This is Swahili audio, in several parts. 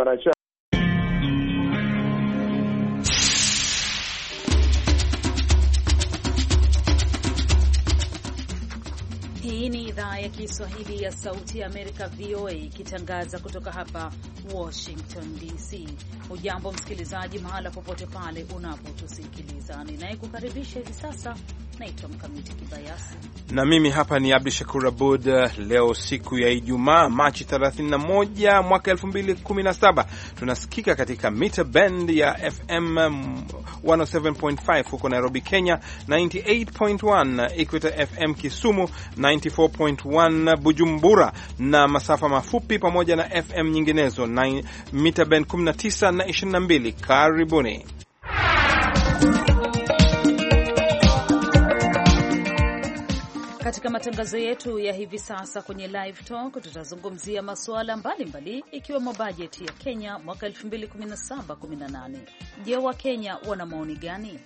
what I said. Kiswahili ya Sauti ya Amerika, VOA, ikitangaza kutoka hapa Washington DC. Ujambo msikilizaji, mahala popote pale unapotusikiliza. Ninayekukaribisha hivi sasa naitwa Mkamiti Kibayasi na mimi hapa ni Abdu Shakur Abud. Leo siku ya Ijumaa, Machi 31 mwaka 2017, tunasikika katika mita band ya FM 107.5 huko Nairobi, Kenya, 98.1 Equator FM Kisumu 94.1 1 Bujumbura na masafa mafupi pamoja na FM nyinginezo na mita band 19 na 22. Karibuni. Katika matangazo yetu ya hivi sasa kwenye live talk tutazungumzia masuala mbalimbali ikiwemo bajeti ya Kenya mwaka 2017-18. Je, kenya wana maoni gani?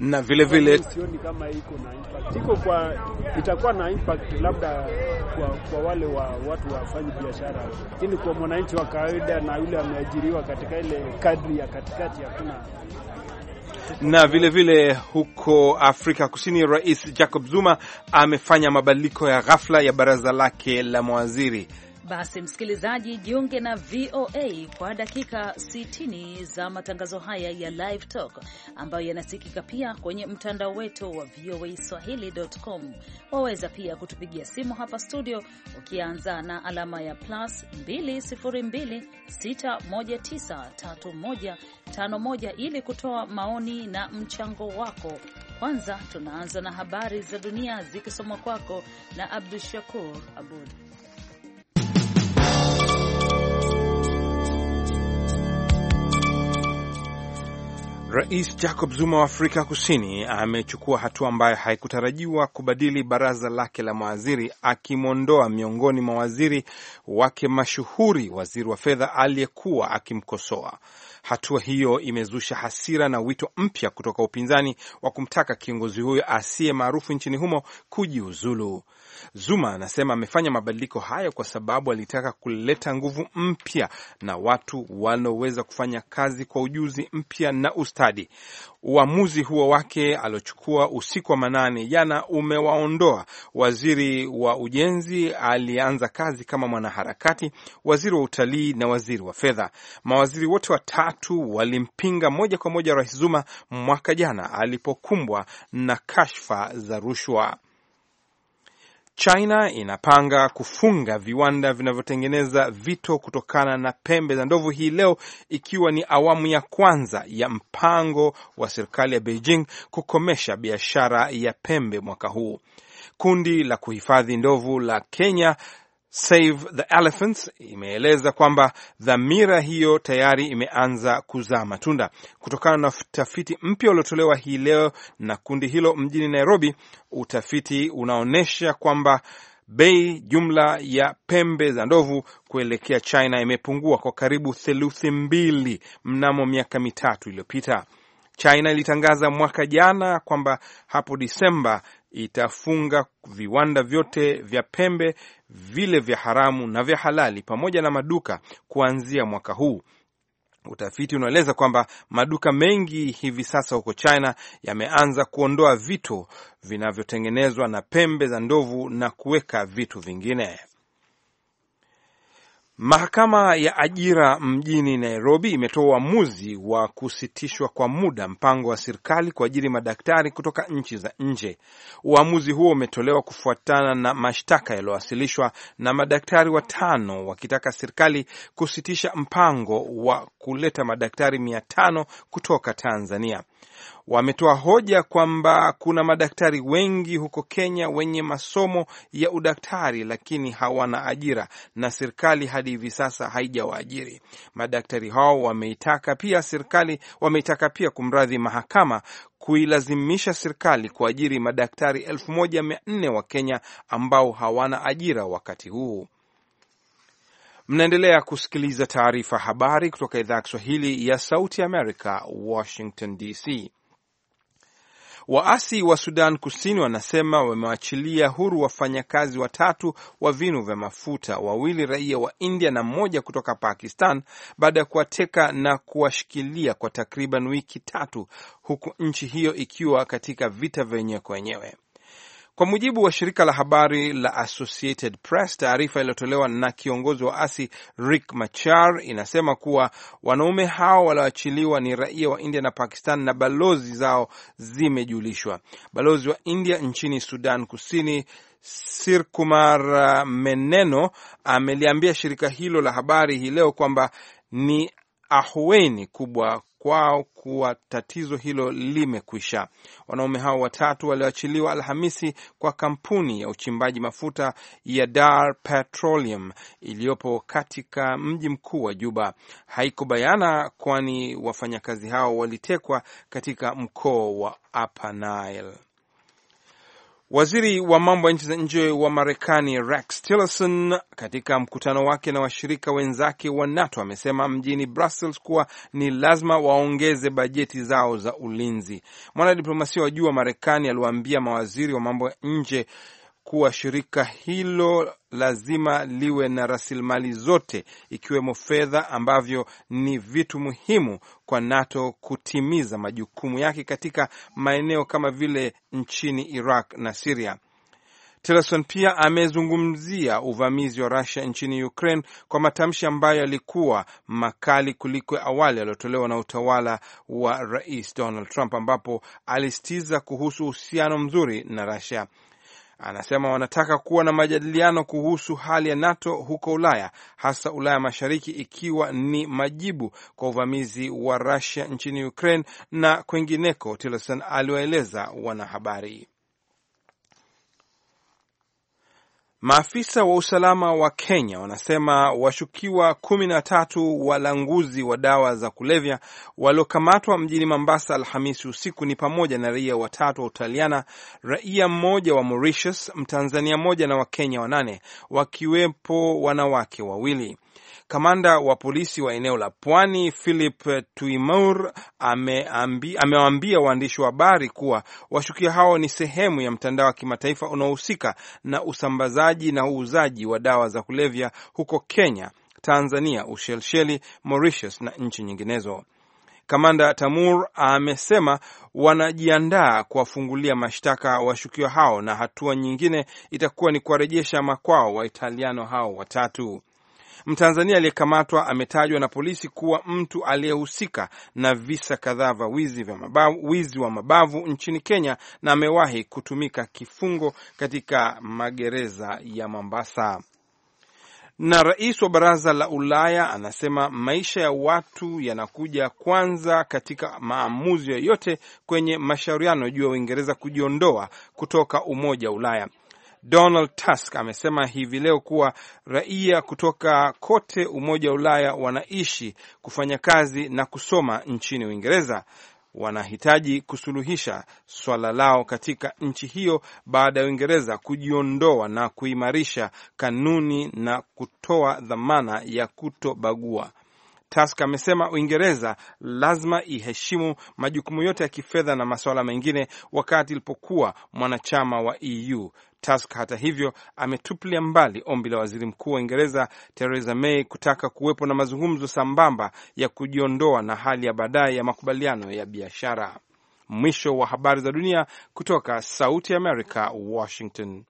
na vile vile sioni kama iko na impact. Iko kwa itakuwa na impact labda kwa, kwa wale wa watu wafanyi biashara, lakini kwa mwananchi wa kawaida na yule ameajiriwa katika ile kadri ya katikati hakuna na vile vile huko Afrika Kusini, Rais Jacob Zuma amefanya mabadiliko ya ghafla ya baraza lake la mawaziri. Basi msikilizaji, jiunge na VOA kwa dakika 60 za matangazo haya ya Live Talk ambayo yanasikika pia kwenye mtandao wetu wa VOA Swahili.com. Waweza pia kutupigia simu hapa studio ukianza na alama ya plus 2026193151 ili kutoa maoni na mchango wako. Kwanza tunaanza na habari za dunia zikisomwa kwako na Abdu Shakur Abud. Rais Jacob Zuma wa Afrika Kusini amechukua hatua ambayo haikutarajiwa kubadili baraza lake la mawaziri, akimwondoa miongoni mwa waziri wake mashuhuri, waziri wa fedha aliyekuwa akimkosoa. Hatua hiyo imezusha hasira na wito mpya kutoka upinzani wa kumtaka kiongozi huyo asiye maarufu nchini humo kujiuzulu. Zuma anasema amefanya mabadiliko hayo kwa sababu alitaka kuleta nguvu mpya na watu wanaoweza kufanya kazi kwa ujuzi mpya na ustadi. Uamuzi huo wake aliochukua usiku wa manane jana umewaondoa waziri wa ujenzi aliyeanza kazi kama mwanaharakati, waziri wa utalii na waziri wa fedha. Mawaziri wote watatu watu walimpinga moja kwa moja Rais Zuma mwaka jana alipokumbwa na kashfa za rushwa. China inapanga kufunga viwanda vinavyotengeneza vito kutokana na pembe za ndovu hii leo, ikiwa ni awamu ya kwanza ya mpango wa serikali ya Beijing kukomesha biashara ya pembe mwaka huu. Kundi la kuhifadhi ndovu la Kenya Save the Elephants imeeleza kwamba dhamira hiyo tayari imeanza kuzaa matunda kutokana na utafiti mpya uliotolewa hii leo na kundi hilo mjini Nairobi. Utafiti unaonyesha kwamba bei jumla ya pembe za ndovu kuelekea China imepungua kwa karibu theluthi mbili mnamo miaka mitatu iliyopita. China ilitangaza mwaka jana kwamba hapo Disemba itafunga viwanda vyote vya pembe vile vya haramu na vya halali pamoja na maduka kuanzia mwaka huu. Utafiti unaeleza kwamba maduka mengi hivi sasa huko China yameanza kuondoa vitu vinavyotengenezwa na pembe za ndovu na kuweka vitu vingine. Mahakama ya ajira mjini Nairobi imetoa uamuzi wa kusitishwa kwa muda mpango wa serikali kuajiri madaktari kutoka nchi za nje. Uamuzi huo umetolewa kufuatana na mashtaka yaliyowasilishwa na madaktari watano wakitaka serikali kusitisha mpango wa kuleta madaktari mia tano kutoka Tanzania wametoa hoja kwamba kuna madaktari wengi huko Kenya wenye masomo ya udaktari lakini hawana ajira na serikali hadi hivi sasa haijawaajiri madaktari hao. Wameitaka pia serikali, wameitaka pia kumradhi, mahakama kuilazimisha serikali kuajiri madaktari elfu moja mia nne wa Kenya ambao hawana ajira wakati huu. Mnaendelea kusikiliza taarifa habari kutoka idhaa ya Kiswahili ya Sauti Amerika, Washington DC. Waasi wa Sudan Kusini wanasema wamewachilia huru wafanyakazi watatu wa vinu vya mafuta, wawili raia wa India na mmoja kutoka Pakistan, baada ya kuwateka na kuwashikilia kwa takriban wiki tatu, huku nchi hiyo ikiwa katika vita vyenyewe kwa wenyewe. Kwa mujibu wa shirika la habari la Associated Press, taarifa iliyotolewa na kiongozi wa asi Rick Machar inasema kuwa wanaume hao walioachiliwa ni raia wa India na Pakistan na balozi zao zimejulishwa. Balozi wa India nchini Sudan Kusini Sirkumar Meneno ameliambia shirika hilo la habari hii leo kwamba ni ahueni kubwa kwao kuwa tatizo hilo limekwisha. Wanaume hao watatu walioachiliwa Alhamisi kwa kampuni ya uchimbaji mafuta ya Dar Petroleum iliyopo katika mji mkuu wa Juba haiko bayana, kwani wafanyakazi hao walitekwa katika mkoa wa Upper Nile. Waziri wa mambo ya nchi za nje wa Marekani Rex Tillerson katika mkutano wake na washirika wenzake wa NATO amesema mjini Brussels kuwa ni lazima waongeze bajeti zao za ulinzi. Mwanadiplomasia wa juu wa Marekani aliwaambia mawaziri wa mambo ya nje kuwa shirika hilo lazima liwe na rasilimali zote ikiwemo fedha ambavyo ni vitu muhimu kwa NATO kutimiza majukumu yake katika maeneo kama vile nchini Iraq na Siria. Tillerson pia amezungumzia uvamizi wa Russia nchini Ukraine kwa matamshi ambayo yalikuwa makali kuliko awali yaliyotolewa na utawala wa Rais Donald Trump, ambapo alisitiza kuhusu uhusiano mzuri na Russia. Anasema wanataka kuwa na majadiliano kuhusu hali ya NATO huko Ulaya, hasa Ulaya Mashariki, ikiwa ni majibu kwa uvamizi wa rasia nchini Ukraine na kwengineko, Tillerson aliwaeleza wanahabari. Maafisa wa usalama wa Kenya wanasema washukiwa kumi na tatu walanguzi wa dawa za kulevya waliokamatwa mjini Mombasa Alhamisi usiku ni pamoja na raia watatu wa Utaliana, raia mmoja wa Mauritius, Mtanzania mmoja na Wakenya wanane wakiwepo wanawake wawili. Kamanda wa polisi wa eneo la Pwani Philip Tuimur amewaambia waandishi wa habari kuwa washukia hao ni sehemu ya mtandao wa kimataifa unaohusika na usambazaji na uuzaji wa dawa za kulevya huko Kenya, Tanzania, Ushelsheli, Mauritius na nchi nyinginezo. Kamanda Tamur amesema wanajiandaa kuwafungulia mashtaka washukiwa hao na hatua nyingine itakuwa ni kuwarejesha makwao Waitaliano hao watatu. Mtanzania aliyekamatwa ametajwa na polisi kuwa mtu aliyehusika na visa kadhaa vya wizi vya mabavu, wizi wa mabavu nchini Kenya na amewahi kutumika kifungo katika magereza ya Mombasa. Na rais wa Baraza la Ulaya anasema maisha ya watu yanakuja kwanza katika maamuzi yoyote kwenye mashauriano juu ya Uingereza kujiondoa kutoka Umoja wa Ulaya. Donald Tusk amesema hivi leo kuwa raia kutoka kote Umoja wa Ulaya wanaishi, kufanya kazi na kusoma nchini Uingereza wanahitaji kusuluhisha swala lao katika nchi hiyo baada ya Uingereza kujiondoa na kuimarisha kanuni na kutoa dhamana ya kutobagua. Tusk amesema Uingereza lazima iheshimu majukumu yote ya kifedha na masuala mengine wakati ilipokuwa mwanachama wa EU. Tusk hata hivyo ametupilia mbali ombi la waziri mkuu wa Uingereza Theresa May kutaka kuwepo na mazungumzo sambamba ya kujiondoa na hali ya baadaye ya makubaliano ya biashara. Mwisho wa habari za dunia kutoka Sauti ya Washington.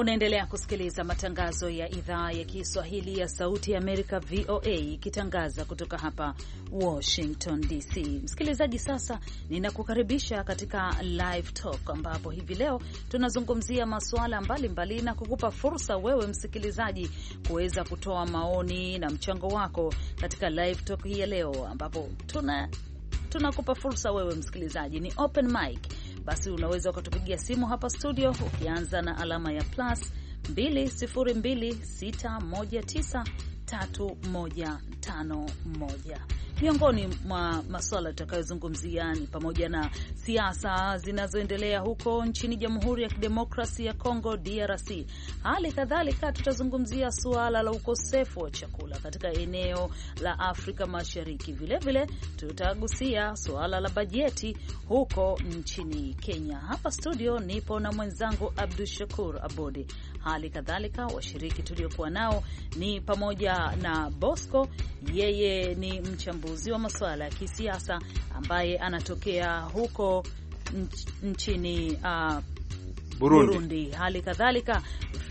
Unaendelea kusikiliza matangazo ya idhaa ya Kiswahili ya Sauti ya Amerika, VOA, ikitangaza kutoka hapa Washington DC. Msikilizaji, sasa ninakukaribisha katika Live Talk ambapo hivi leo tunazungumzia masuala mbalimbali na kukupa fursa wewe msikilizaji kuweza kutoa maoni na mchango wako katika Live Talk hii ya leo, ambapo tuna tunakupa fursa wewe msikilizaji, ni open mic basi unaweza ukatupigia simu hapa studio ukianza na alama ya plus 2026193151 miongoni mwa masuala tutakayozungumzia ni pamoja na siasa zinazoendelea huko nchini Jamhuri ya Kidemokrasi ya Kongo, DRC. Hali kadhalika tutazungumzia suala la ukosefu wa chakula katika eneo la Afrika Mashariki. Vilevile tutagusia suala la bajeti huko nchini Kenya. Hapa studio nipo na mwenzangu Abdu Shakur Abodi. Hali kadhalika washiriki tuliokuwa nao ni pamoja na Bosco, yeye ni mchambuzi wa masuala ya kisiasa ambaye anatokea huko nchini uh, Burundi. Burundi. Hali kadhalika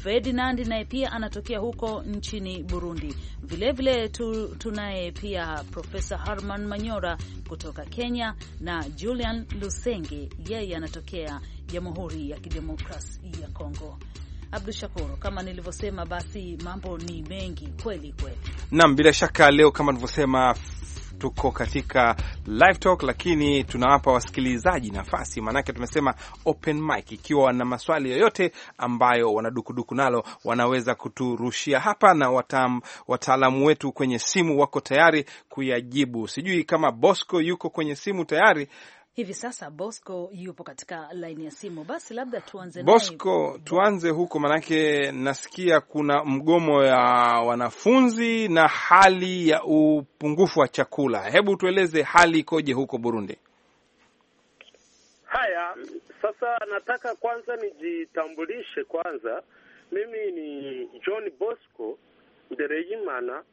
Ferdinand naye pia anatokea huko nchini Burundi. Vilevile tu, tunaye pia Profesa Harman Manyora kutoka Kenya na Julian Lusenge, yeye anatokea Jamhuri ya Kidemokrasia ya Kongo. Abdu Shakur, kama nilivyosema, basi mambo ni mengi kweli kweli. Naam, bila shaka leo kama nilivyosema tuko katika live talk, lakini tunawapa wasikilizaji nafasi, maanake tumesema open mic. Ikiwa wana maswali yoyote ambayo wanadukuduku nalo, wanaweza kuturushia hapa, na wataalamu wetu kwenye simu wako tayari kuyajibu. Sijui kama Bosco yuko kwenye simu tayari Hivi sasa Bosco yupo katika laini ya simu, basi labda tuanze Bosco, tuanze huko, manake nasikia kuna mgomo ya wanafunzi na hali ya upungufu wa chakula. Hebu tueleze hali ikoje huko Burundi? Haya, sasa nataka kwanza nijitambulishe. Kwanza mimi ni John Bosco Ndereyimana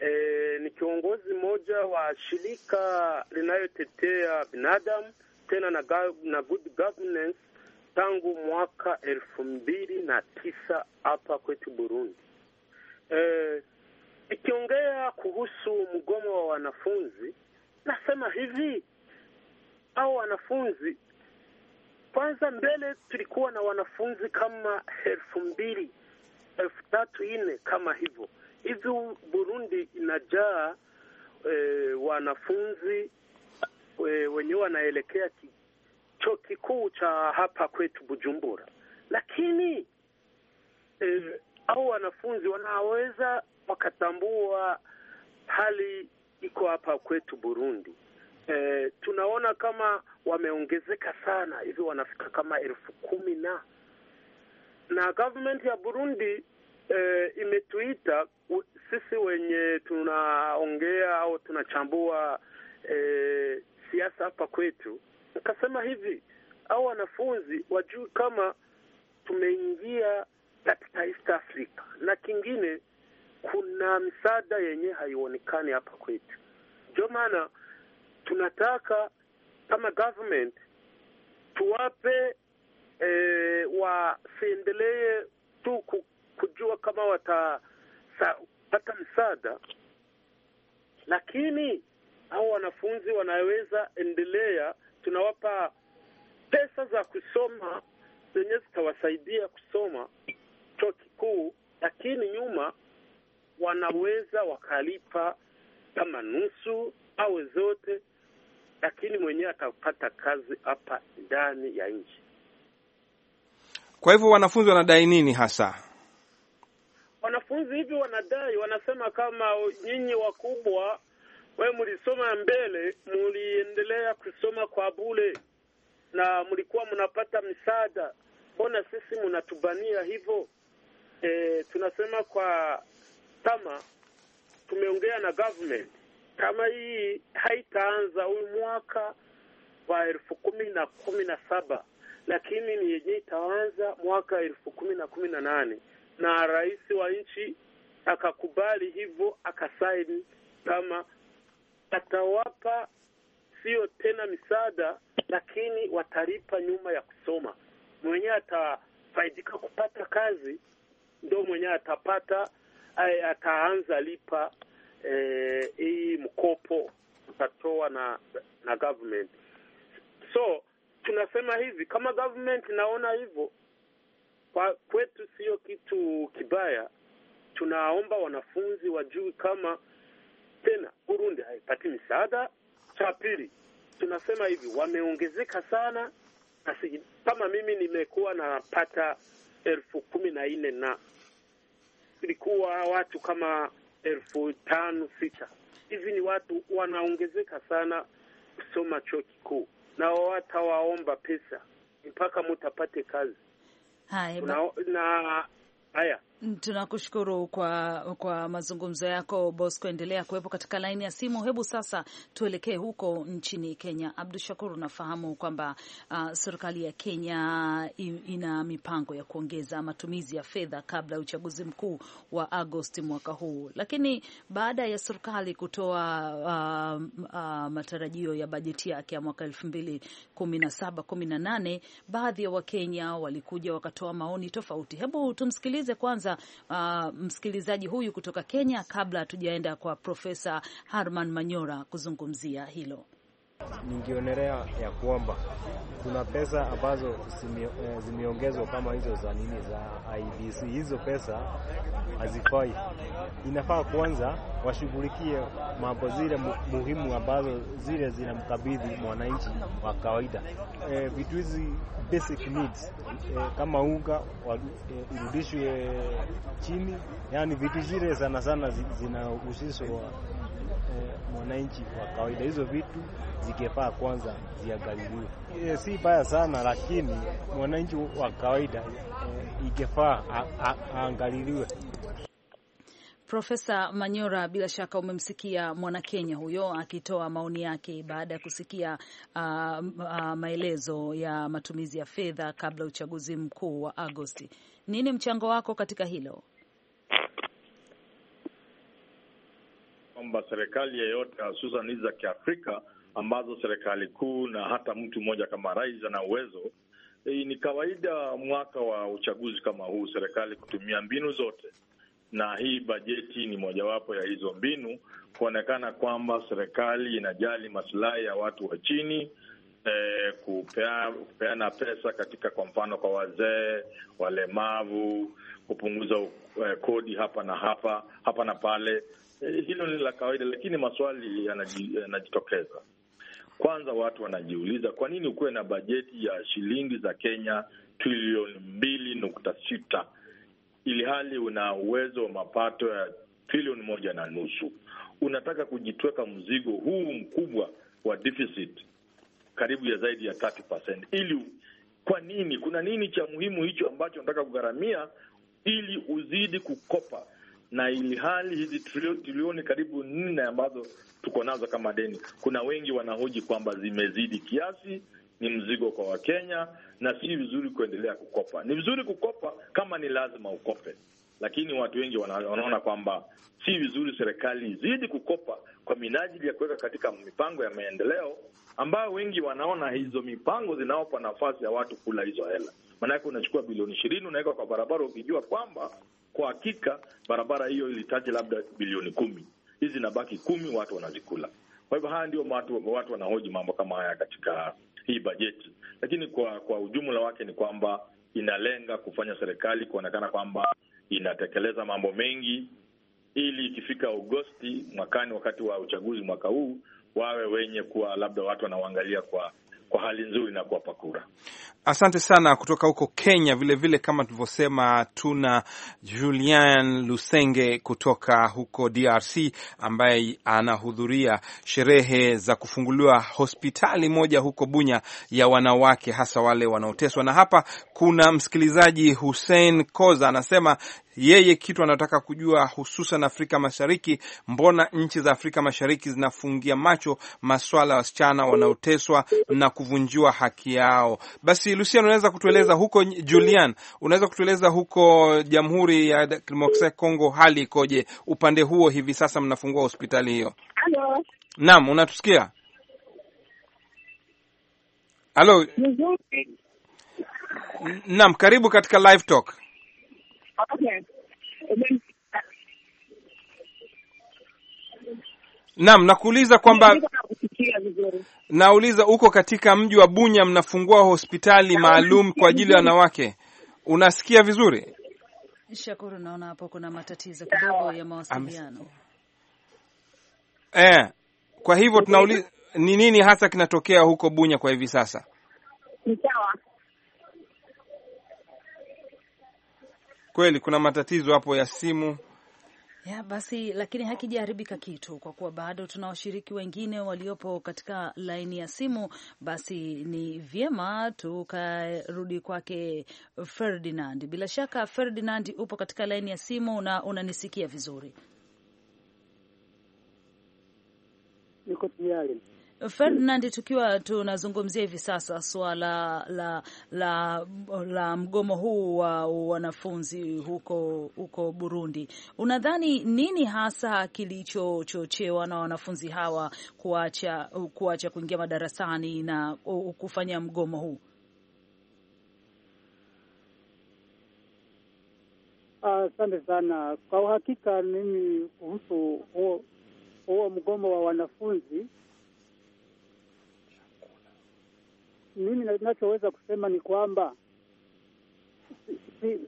e, ni kiongozi mmoja wa shirika linayotetea binadamu tena na, na good governance tangu mwaka elfu mbili na tisa hapa kwetu Burundi. E, ikiongea kuhusu mgomo wa wanafunzi, nasema hivi au wanafunzi kwanza, mbele tulikuwa na wanafunzi kama elfu mbili elfu tatu nne kama hivyo hivi Burundi inajaa e, wanafunzi e, wenyewe wanaelekea chuo kikuu cha hapa kwetu Bujumbura, lakini e, eh, au wanafunzi wanaweza wakatambua hali iko hapa kwetu Burundi. E, tunaona kama wameongezeka sana hivi wanafika kama elfu kumi na na government ya Burundi eh, imetuita sisi wenye tunaongea au tunachambua eh, siasa hapa kwetu, nikasema hivi au wanafunzi wajui kama tumeingia katika East Africa, na kingine kuna msaada yenye haionekani hapa kwetu. Ndio maana tunataka kama government tuwape eh, wasiendelee tu kujua kama watapata msaada, lakini hao wanafunzi wanaweza endelea, tunawapa pesa za kusoma zenye zitawasaidia kusoma chuo kikuu, lakini nyuma wanaweza wakalipa kama nusu au zote, lakini mwenyewe atapata kazi hapa ndani ya nchi. Kwa hivyo wanafunzi wanadai nini hasa? wanafunzi hivi wanadai, wanasema kama nyinyi wakubwa, we mlisoma mbele, mliendelea kusoma kwa bule na mlikuwa mnapata misaada mbona sisi mnatubania hivyo? E, tunasema kwa kama tumeongea na government kama hii haitaanza huyu mwaka wa elfu kumi na kumi na saba lakini ni yenye itaanza mwaka elfu kumi na kumi na nane na rais wa nchi akakubali hivyo, akasaini kama atawapa sio tena misaada, lakini watalipa nyuma ya kusoma. Mwenyewe atafaidika kupata kazi, ndo mwenyewe atapata ae, eh, ataanza lipa eh, hii e, mkopo utatoa na na government. So tunasema hivi kama government naona hivyo kwa kwetu sio kitu kibaya, tunaomba wanafunzi wajui kama tena Burundi haipati misaada. Cha pili tunasema hivi, wameongezeka sana kama mimi nimekuwa napata elfu kumi na nne na ilikuwa watu kama elfu tano sita hivi, ni watu wanaongezeka sana kusoma chuo kikuu, na watawaomba pesa mpaka mutapate kazi. Hai, tuna, na haya Tunakushukuru kwa kwa mazungumzo yako Bosco, endelea kuwepo katika laini ya simu. Hebu sasa tuelekee huko nchini Kenya. Abdu Shakur, unafahamu kwamba uh, serikali ya Kenya ina mipango ya kuongeza matumizi ya fedha kabla ya uchaguzi mkuu wa Agosti mwaka huu, lakini baada ya serikali kutoa uh, uh, matarajio ya bajeti yake ya mwaka elfu mbili kumi na saba kumi na nane baadhi ya Wakenya walikuja wakatoa maoni tofauti. Hebu tumsikilize kwanza kwanza uh, msikilizaji huyu kutoka Kenya kabla hatujaenda kwa Profesa Harman Manyora kuzungumzia hilo ningionelea ya kwamba kuna pesa ambazo eh, zimeongezwa kama hizo za nini za IBC. Hizo pesa hazifai, inafaa kwanza washughulikie mambo zile muhimu ambazo zile zinamkabidhi mwananchi wa kawaida. E, vitu hizi basic needs e, kama unga e, irudishwe chini, yani vitu zile sana sana zinahusishwa Eh, mwananchi wa kawaida. Hizo vitu zikifaa kwanza ziangaliliwe. E, eh, si baya sana lakini mwananchi wa kawaida e, eh, ikifaa aangaliliwe. Profesa Manyora, bila shaka umemsikia mwanakenya huyo akitoa maoni yake baada ya kusikia uh, uh, maelezo ya matumizi ya fedha kabla uchaguzi mkuu wa Agosti. Nini mchango wako katika hilo? kwamba serikali yeyote hususan hizi za Kiafrika ambazo serikali kuu na hata mtu mmoja kama rais ana uwezo e, ni kawaida mwaka wa uchaguzi kama huu serikali kutumia mbinu zote, na hii bajeti ni mojawapo ya hizo mbinu, kuonekana kwamba serikali inajali masilahi ya watu wa chini. E, kupea, kupeana pesa katika kwa mfano kwa wazee, walemavu, kupunguza eh, kodi hapa na hapa hapa na pale. Eh, hilo ni la kawaida, lakini maswali yanajitokeza. Kwanza watu wanajiuliza kwa nini ukuwe na bajeti ya shilingi za Kenya trilioni mbili nukta sita ili hali una uwezo wa mapato ya trilioni moja na nusu. Unataka kujitweka mzigo huu mkubwa wa deficit karibu ya zaidi ya 30%, ili kwa nini? Kuna nini cha muhimu hicho ambacho unataka kugharamia ili uzidi kukopa na ili hali hizi trilioni karibu nne ambazo tuko nazo kama deni, kuna wengi wanahoji kwamba zimezidi kiasi, ni mzigo kwa Wakenya na si vizuri kuendelea kukopa. Ni vizuri kukopa kama ni lazima ukope, lakini watu wengi wanaona kwamba si vizuri serikali izidi kukopa kwa minajili ya kuweka katika mipango ya maendeleo, ambayo wengi wanaona hizo mipango zinaopa nafasi ya watu kula hizo hela. Maanake unachukua bilioni ishirini unaweka kwa barabara, ukijua kwamba kwa hakika barabara hiyo ilitaji labda bilioni kumi, hizi nabaki kumi, watu wanazikula. Kwa hivyo haya ndio watu, watu wanahoji mambo kama haya katika hii bajeti, lakini kwa kwa ujumla wake ni kwamba inalenga kufanya serikali kuonekana kwamba inatekeleza mambo mengi ili ikifika Agosti mwakani, wakati wa uchaguzi mwaka huu, wawe wenye kuwa labda watu wanawangalia kwa kwa hali nzuri na kuwapa kura. Asante sana kutoka huko Kenya. Vilevile vile kama tulivyosema, tuna Julian Lusenge kutoka huko DRC ambaye anahudhuria sherehe za kufunguliwa hospitali moja huko Bunya ya wanawake, hasa wale wanaoteswa. Na hapa kuna msikilizaji Hussein Koza anasema yeye kitu anataka kujua, hususan Afrika Mashariki, mbona nchi za Afrika Mashariki zinafungia macho maswala ya wasichana wanaoteswa na kuvunjiwa haki yao? Basi Lucian, unaweza kutueleza huko, Julian, unaweza kutueleza huko Jamhuri ya Kidemokrasia ya Kongo hali ikoje upande huo hivi sasa, mnafungua hospitali hiyo? Halo, naam, unatusikia? Halo, naam, karibu katika live talk nam uh, Naam, nakuuliza kwamba nauliza uko katika mji wa Bunya, mnafungua hospitali maalum kwa ajili ya wanawake. Unasikia vizuri? Shakuru, naona hapo kuna matatizo kidogo ya mawasiliano. Eh, kwa hivyo tunauliza ni nini hasa kinatokea huko Bunya kwa hivi sasa? Ni sawa. kweli kuna matatizo hapo ya simu ya basi, lakini hakijaharibika kitu, kwa kuwa bado tuna washiriki wengine waliopo katika laini ya simu. Basi ni vyema tukarudi kwake Ferdinand. Bila shaka, Ferdinand, upo katika laini ya simu na unanisikia vizuri? Niko tayari. Ferdinand, tukiwa tunazungumzia hivi sasa swala la, la, la, la mgomo huu wa wanafunzi huko, huko Burundi, unadhani nini hasa kilichochochewa na wanafunzi hawa kuacha, kuacha kuingia madarasani na kufanya mgomo huu? Asante uh, sana. Kwa uhakika mimi kuhusu huo mgomo wa wanafunzi mimi ninachoweza kusema ni kwamba si,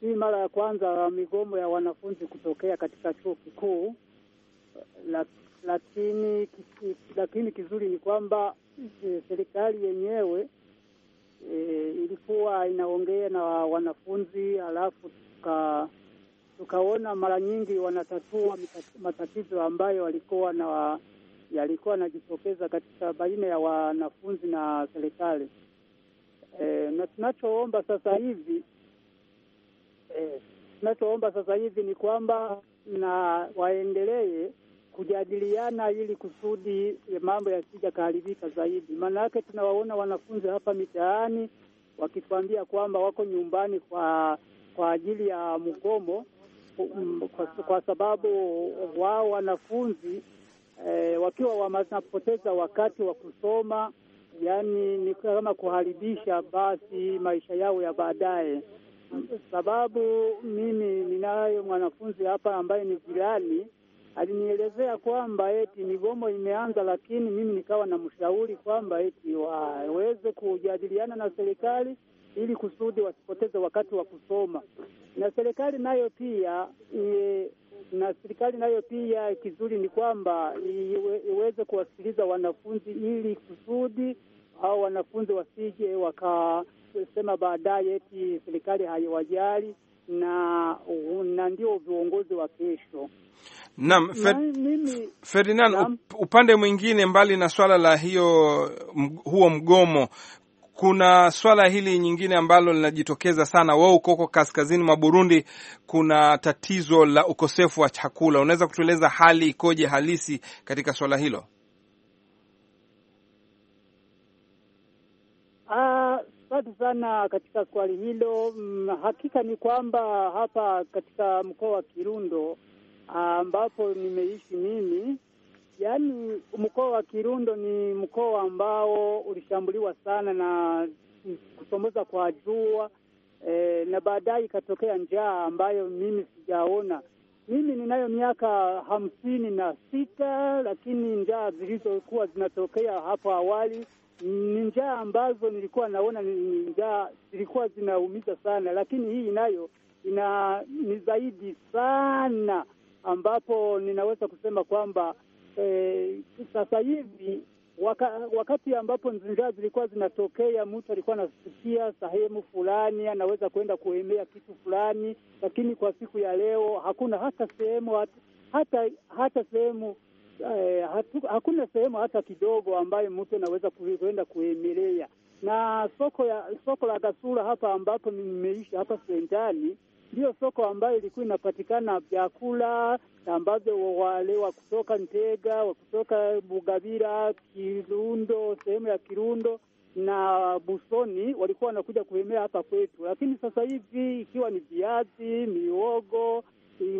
si mara ya kwanza migomo ya wanafunzi kutokea katika chuo kikuu lakini lakini kizuri ni kwamba e, serikali yenyewe e, ilikuwa inaongea na wanafunzi halafu tuka tukaona mara nyingi wanatatua matatizo ambayo walikuwa na yalikuwa yanajitokeza katika baina ya wanafunzi na serikali. E, na tunachoomba sasa hivi e, tunachoomba sasa hivi ni kwamba na waendelee kujadiliana ili kusudi mambo yasija kaharibika zaidi. Maana yake tunawaona wanafunzi hapa mitaani wakituambia kwamba wako nyumbani kwa kwa ajili ya mgomo kwa, kwa sababu wao wanafunzi e, wakiwa wanapoteza wakati wa kusoma, yani ni kama kuharibisha basi maisha yao ya baadaye. Sababu mimi ninayo mwanafunzi hapa ambaye ni jirani, alinielezea kwamba eti migomo imeanza, lakini mimi nikawa na mshauri kwamba eti waweze kujadiliana na serikali ili kusudi wasipoteze wakati wa kusoma, na serikali nayo pia e, na serikali nayo pia kizuri ni kwamba iwe, iweze kuwasikiliza wanafunzi ili kusudi au wanafunzi wasije wakasema baadaye eti serikali haiwajali na na ndio viongozi wa kesho. Naam, Ferdinand, upande mwingine, mbali na swala la hiyo huo mgomo, kuna swala hili nyingine ambalo linajitokeza sana, wao ukoko kaskazini mwa Burundi, kuna tatizo la ukosefu wa chakula. Unaweza kutueleza hali ikoje halisi katika swala hilo? Ah, asante uh, sana katika swali hilo. Mm, hakika ni kwamba hapa katika mkoa wa Kirundo ah, ambapo uh, nimeishi mimi Yaani mkoa wa Kirundo ni mkoa ambao ulishambuliwa sana na kuchomoza kwa jua e, na baadaye ikatokea njaa ambayo mimi sijaona. Mimi ninayo miaka hamsini na sita, lakini njaa zilizokuwa zinatokea hapo awali ni njaa ambazo nilikuwa naona ni njaa zilikuwa zinaumiza sana, lakini hii inayo ina ni zaidi sana, ambapo ninaweza kusema kwamba eh, sasa hivi waka, wakati ambapo njaa zilikuwa zinatokea, mtu alikuwa anasikia sehemu fulani anaweza kwenda kuemea kitu fulani, lakini kwa siku ya leo hakuna hata sehemu hata hata, sehemu eh, hatu, hakuna sehemu hata kidogo ambayo mtu anaweza kwenda kuemelea. Na soko ya soko la Gasura hapa ambapo nimeishi hapa Sentani ndiyo soko ambayo ilikuwa inapatikana vyakula ambavyo wale wa kutoka Ntega, wa kutoka Bugabira, Kirundo, sehemu ya Kirundo na Busoni walikuwa wanakuja kuhemea hapa kwetu, lakini sasa hivi ikiwa ni viazi, miogo,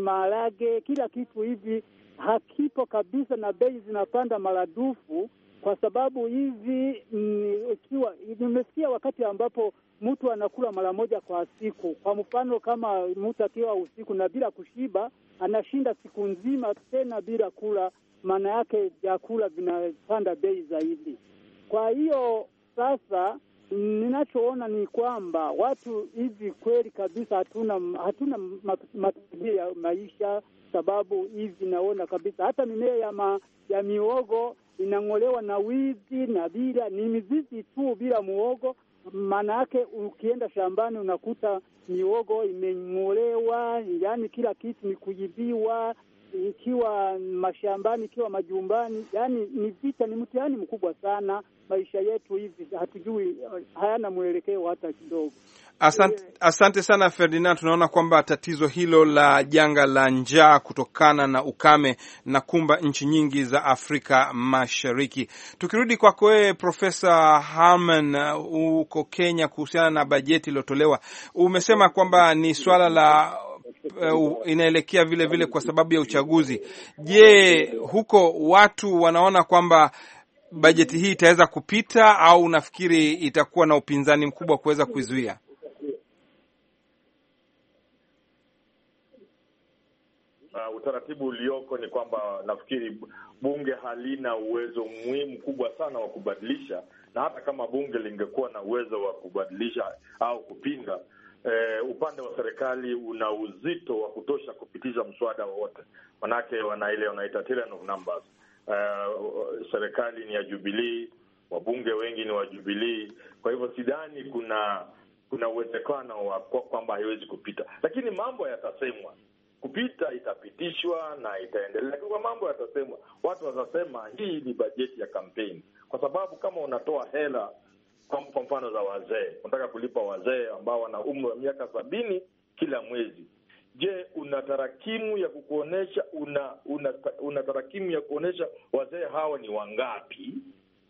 maharage, kila kitu hivi hakipo kabisa, na bei zinapanda maradufu kwa sababu hivi ikiwa mm, nimesikia wakati ambapo mtu anakula mara moja kwa siku, kwa mfano kama mtu akiwa usiku na bila kushiba, anashinda siku nzima tena bila kula, maana yake vyakula vinapanda bei zaidi. Kwa hiyo sasa ninachoona ni kwamba watu hivi kweli kabisa hatuna hatuna matarajio ya maisha, sababu hivi naona kabisa hata mimea ya, ma, ya miogo inang'olewa na wizi na bila, ni mizizi tu bila muogo. Maana yake ukienda shambani unakuta miogo imeng'olewa, yani kila kitu ni kuibiwa, ikiwa mashambani, ikiwa majumbani. yani ni vita, ni mtihani mkubwa sana. Maisha yetu hivi hatujui, hayana mwelekeo hata kidogo. Asante, asante sana Ferdinand. Tunaona kwamba tatizo hilo la janga la njaa kutokana na ukame na kumba nchi nyingi za Afrika Mashariki. Tukirudi kwako wewe Profesa Harman huko uh, Kenya, kuhusiana na bajeti iliyotolewa, umesema kwamba ni swala la uh, inaelekea vile vile kwa sababu ya uchaguzi. Je, huko watu wanaona kwamba bajeti hii itaweza kupita au unafikiri itakuwa na upinzani mkubwa kuweza kuizuia? uh, utaratibu ulioko ni kwamba nafikiri bunge halina uwezo muhimu kubwa sana wa kubadilisha, na hata kama bunge lingekuwa na uwezo wa kubadilisha au kupinga Uh, upande wa serikali una uzito wa kutosha kupitisha mswada wowote, manake wana ile wanaita tyranny of numbers. Uh, serikali ni ya Jubilii, wabunge wengi ni wa kwa hivyo sidhani kuna kuna uwezekano wa kwamba haiwezi kupita, lakini mambo yatasemwa kupita itapitishwa na itaendelea, kwa mambo yatasemwa, watu watasema hii ni bajeti ya kampeni, kwa sababu kama unatoa hela kwa mfano za wazee, unataka kulipa wazee ambao wana umri wa miaka sabini kila mwezi. Je, una tarakimu ya kukuonesha una, una, una tarakimu ya kuonyesha wazee hawa ni wangapi,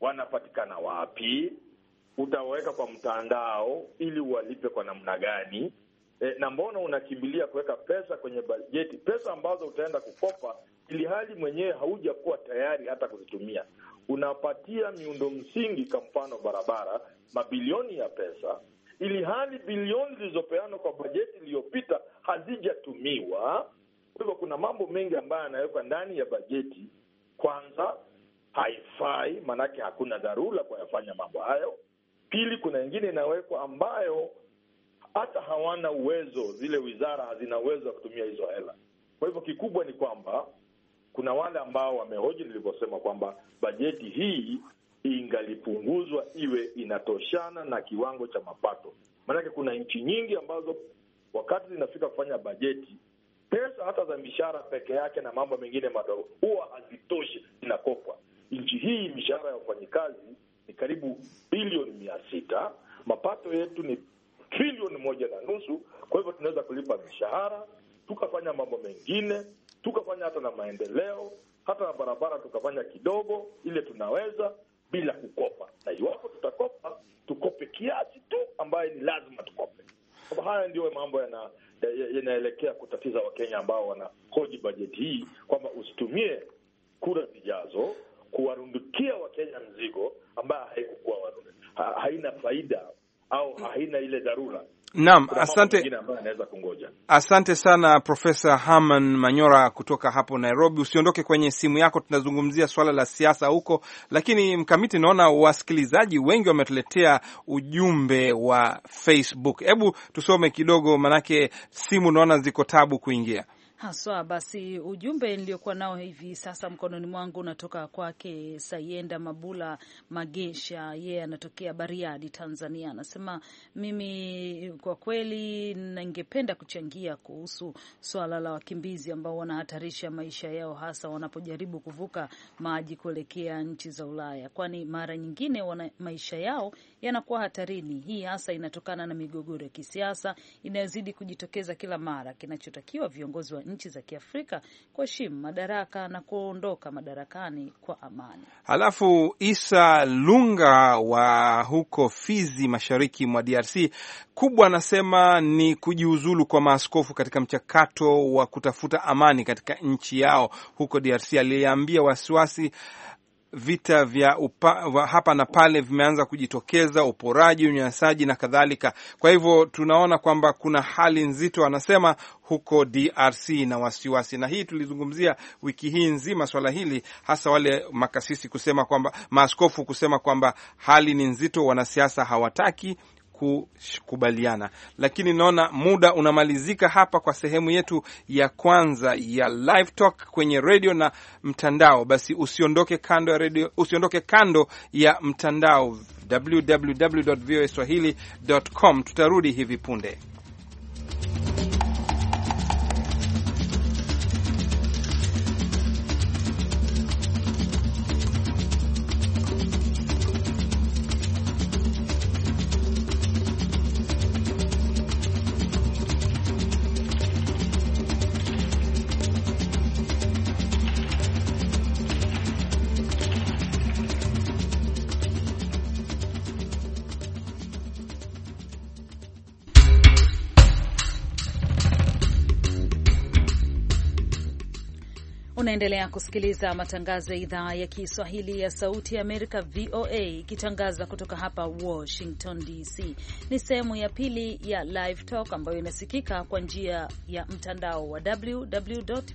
wanapatikana wapi? Utawaweka kwa mtandao ili uwalipe kwa namna gani? E, na mbona unakimbilia kuweka pesa kwenye bajeti, pesa ambazo utaenda kukopa ili hali mwenyewe haujakuwa tayari hata kuzitumia? Unapatia miundo msingi, kwa mfano barabara, mabilioni ya pesa, ili hali bilioni zilizopeanwa kwa bajeti iliyopita hazijatumiwa. Kwa hivyo kuna mambo mengi ambayo yanawekwa ndani ya bajeti, kwanza haifai, maanake hakuna dharura kwa yafanya mambo hayo. Pili, kuna ingine inawekwa ambayo hata hawana uwezo, zile wizara hazina uwezo wa kutumia hizo hela. Kwa hivyo kikubwa ni kwamba kuna wale ambao wamehoji nilivyosema kwamba bajeti hii ingalipunguzwa iwe inatoshana na kiwango cha mapato, maanake kuna nchi nyingi ambazo wakati zinafika kufanya bajeti, pesa hata za mishahara peke yake na mambo mengine madogo huwa hazitoshi, zinakopwa. Nchi hii mishahara ya wafanyikazi ni karibu bilioni mia sita, mapato yetu ni trilioni moja na nusu. Kwa hivyo tunaweza kulipa mishahara, tukafanya mambo mengine, tukafanya hata na maendeleo, hata na barabara tukafanya kidogo ile tunaweza bila kukopa, na iwapo tutakopa tukope kiasi tu ambaye ni lazima tukope. Haya ndiyo mambo yana yanaelekea kutatiza Wakenya ambao wanahoji bajeti hii kwamba usitumie kura zijazo kuwarundukia Wakenya mzigo ambayo haikukuwa haina faida au haina ile dharura. Naam, asante, asante sana Profesa Herman Manyora kutoka hapo Nairobi. Usiondoke kwenye simu yako, tunazungumzia swala la siasa huko, lakini Mkamiti, naona wasikilizaji wengi wametuletea ujumbe wa Facebook. Hebu tusome kidogo, manake simu naona ziko tabu kuingia haswa. Basi ujumbe niliokuwa nao hivi sasa mkononi mwangu unatoka kwake Sayenda Mabula Magesha, yeye yeah, anatokea Bariadi, Tanzania. Anasema mimi kwa kweli ningependa kuchangia kuhusu swala la wakimbizi ambao wanahatarisha maisha yao, hasa wanapojaribu kuvuka maji kuelekea nchi za Ulaya, kwani mara nyingine wana maisha yao yanakuwa hatarini. Hii hasa inatokana na migogoro ya kisiasa inayozidi kujitokeza kila mara. Kinachotakiwa viongozi wa nchi za Kiafrika kuheshimu madaraka na kuondoka madarakani kwa amani. Halafu Isa Lunga wa huko Fizi, mashariki mwa DRC, kubwa anasema ni kujiuzulu kwa maaskofu katika mchakato wa kutafuta amani katika nchi yao huko DRC. Aliambia wasiwasi vita vya upa, wa hapa na pale vimeanza kujitokeza, uporaji, unyanyasaji na kadhalika. Kwa hivyo tunaona kwamba kuna hali nzito, anasema huko DRC na wasiwasi, na hii tulizungumzia wiki hii nzima swala hili, hasa wale makasisi kusema kwamba, maaskofu kusema kwamba hali ni nzito, wanasiasa hawataki kukubaliana, lakini naona muda unamalizika hapa kwa sehemu yetu ya kwanza ya live talk kwenye redio na mtandao. Basi usiondoke kando ya redio, usiondoke kando ya mtandao www.voaswahili.com. Tutarudi hivi punde. Unaendelea kusikiliza matangazo ya idhaa ya Kiswahili ya Sauti ya Amerika, VOA, ikitangaza kutoka hapa Washington DC. Ni sehemu ya pili ya Live Talk ambayo inasikika kwa njia ya mtandao wa www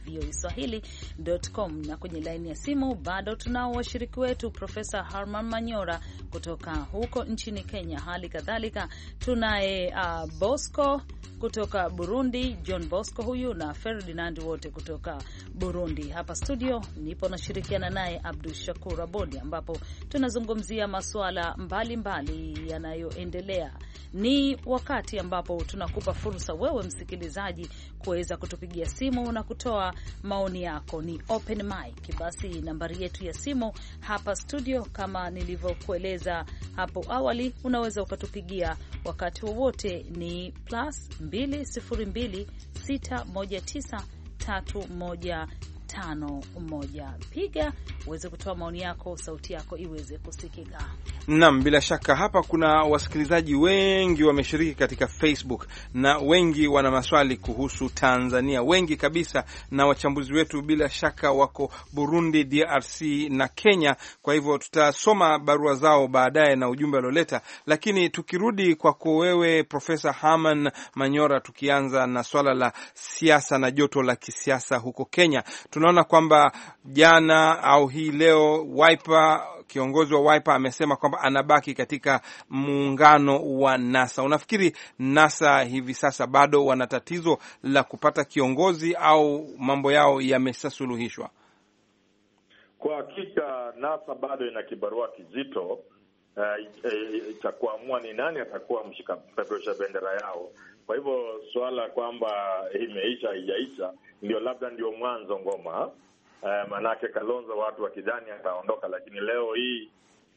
voa swahilicom, na kwenye laini ya simu bado tunao washiriki wetu, Profesa Harman Manyora kutoka huko nchini Kenya. Hali kadhalika tunaye uh, Bosco kutoka Burundi, John Bosco huyu na Ferdinand wote kutoka Burundi. Hapa studio nipo nashirikiana naye Abdu Shakur Abodi, ambapo tunazungumzia masuala mbalimbali yanayoendelea. Ni wakati ambapo tunakupa fursa wewe msikilizaji kuweza kutupigia simu na kutoa maoni yako. Ni open mic. Basi nambari yetu ya simu hapa studio, kama nilivyokueleza hapo awali, unaweza ukatupigia wakati wowote, ni plus 202 619 1 piga uweze kutoa maoni yako, sauti yako iweze kusikika. Naam, bila shaka hapa kuna wasikilizaji wengi wameshiriki katika Facebook na wengi wana maswali kuhusu Tanzania, wengi kabisa, na wachambuzi wetu bila shaka wako Burundi, DRC na Kenya. Kwa hivyo tutasoma barua zao baadaye na ujumbe walioleta, lakini tukirudi kwako wewe Profesa Haman Manyora, tukianza na swala la siasa na joto la kisiasa huko Kenya tunaona kwamba jana au hii leo Wiper, kiongozi wa Wiper amesema kwamba anabaki katika muungano wa NASA. Unafikiri NASA hivi sasa bado wana tatizo la kupata kiongozi au mambo yao yameshasuluhishwa? Kwa hakika NASA bado ina kibarua kizito eh, eh, cha uh, kuamua ni nani atakuwa mshika peperusha bendera yao. Kwa hivyo suala kwamba imeisha haijaisha ndio labda ndio mwanzo ngoma eh, manake Kalonzo watu wakidhani ataondoka, lakini leo hii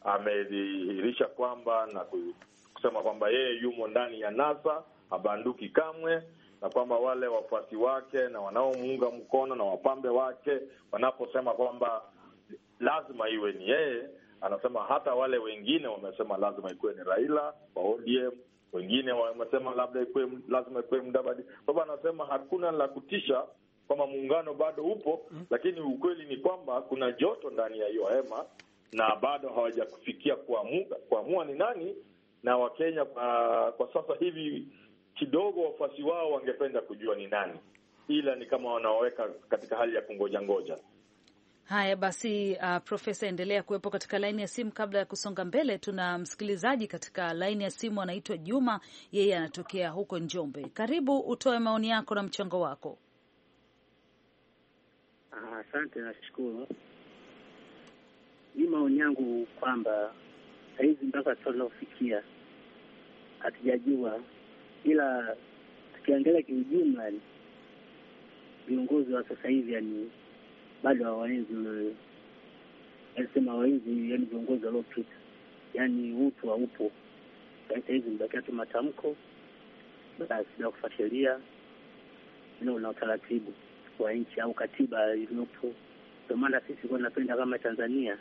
amedhihirisha kwamba na kusema kwamba yeye yumo ndani ya NASA, abanduki kamwe, na kwamba wale wafuasi wake na wanaomuunga mkono na wapambe wake wanaposema kwamba lazima iwe ni yeye, anasema hata wale wengine wamesema lazima ikuwe ni Raila wa ODM, wengine wamesema labda ikuwe lazima ikuwe Mdabadi. Kwa hivyo anasema hakuna la kutisha kwamba muungano bado upo mm. Lakini ukweli ni kwamba kuna joto ndani ya hiyo hema na bado hawajakufikia kuamua ni nani, na Wakenya kwa, ah, kwa sasa hivi kidogo wafuasi wao wangependa kujua ni nani, ila ni kama wanaoweka katika hali ya kungoja ngoja. Haya basi, uh, Profesa, endelea kuwepo katika laini ya simu. Kabla ya kusonga mbele, tuna msikilizaji katika laini ya simu anaitwa Juma, yeye anatokea huko Njombe. Karibu utoe maoni yako na mchango wako. Ah, asante ah, nashukuru. Ni maoni yangu kwamba sahizi mpaka tunaofikia hatujajua, ila tukiangalia kiujumla, viongozi wa sasa hivi yani bado hawaenzi sema hawaenzi, yani viongozi waliopita, yani utu haupo. Sahizi mbakia tu matamko basi bila kufuatilia una utaratibu wa nchi au katiba iliyopo. Ndio maana sisi kuwa napenda kama Tanzania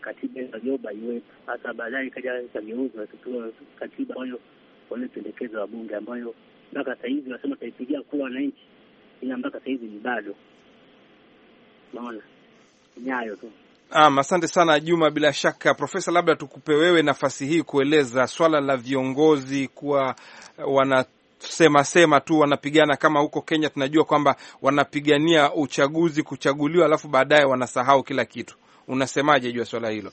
katiba ajoba iwepo, hata baadaye ikaja ikageuzwa tukiwa katiba ambayo waliopendekeza bunge ambayo mpaka sasa hivi wanasema taipigia kura wananchi, ila mpaka sasa hivi ni bado naona nyayo tu. Naam, asante sana Juma. Bila shaka Profesa, labda tukupe wewe nafasi hii kueleza swala la viongozi kuwa eh, wana sema sema tu wanapigana kama huko Kenya. Tunajua kwamba wanapigania uchaguzi, kuchaguliwa, alafu baadaye wanasahau kila kitu. Unasemaje juu ya swala hilo?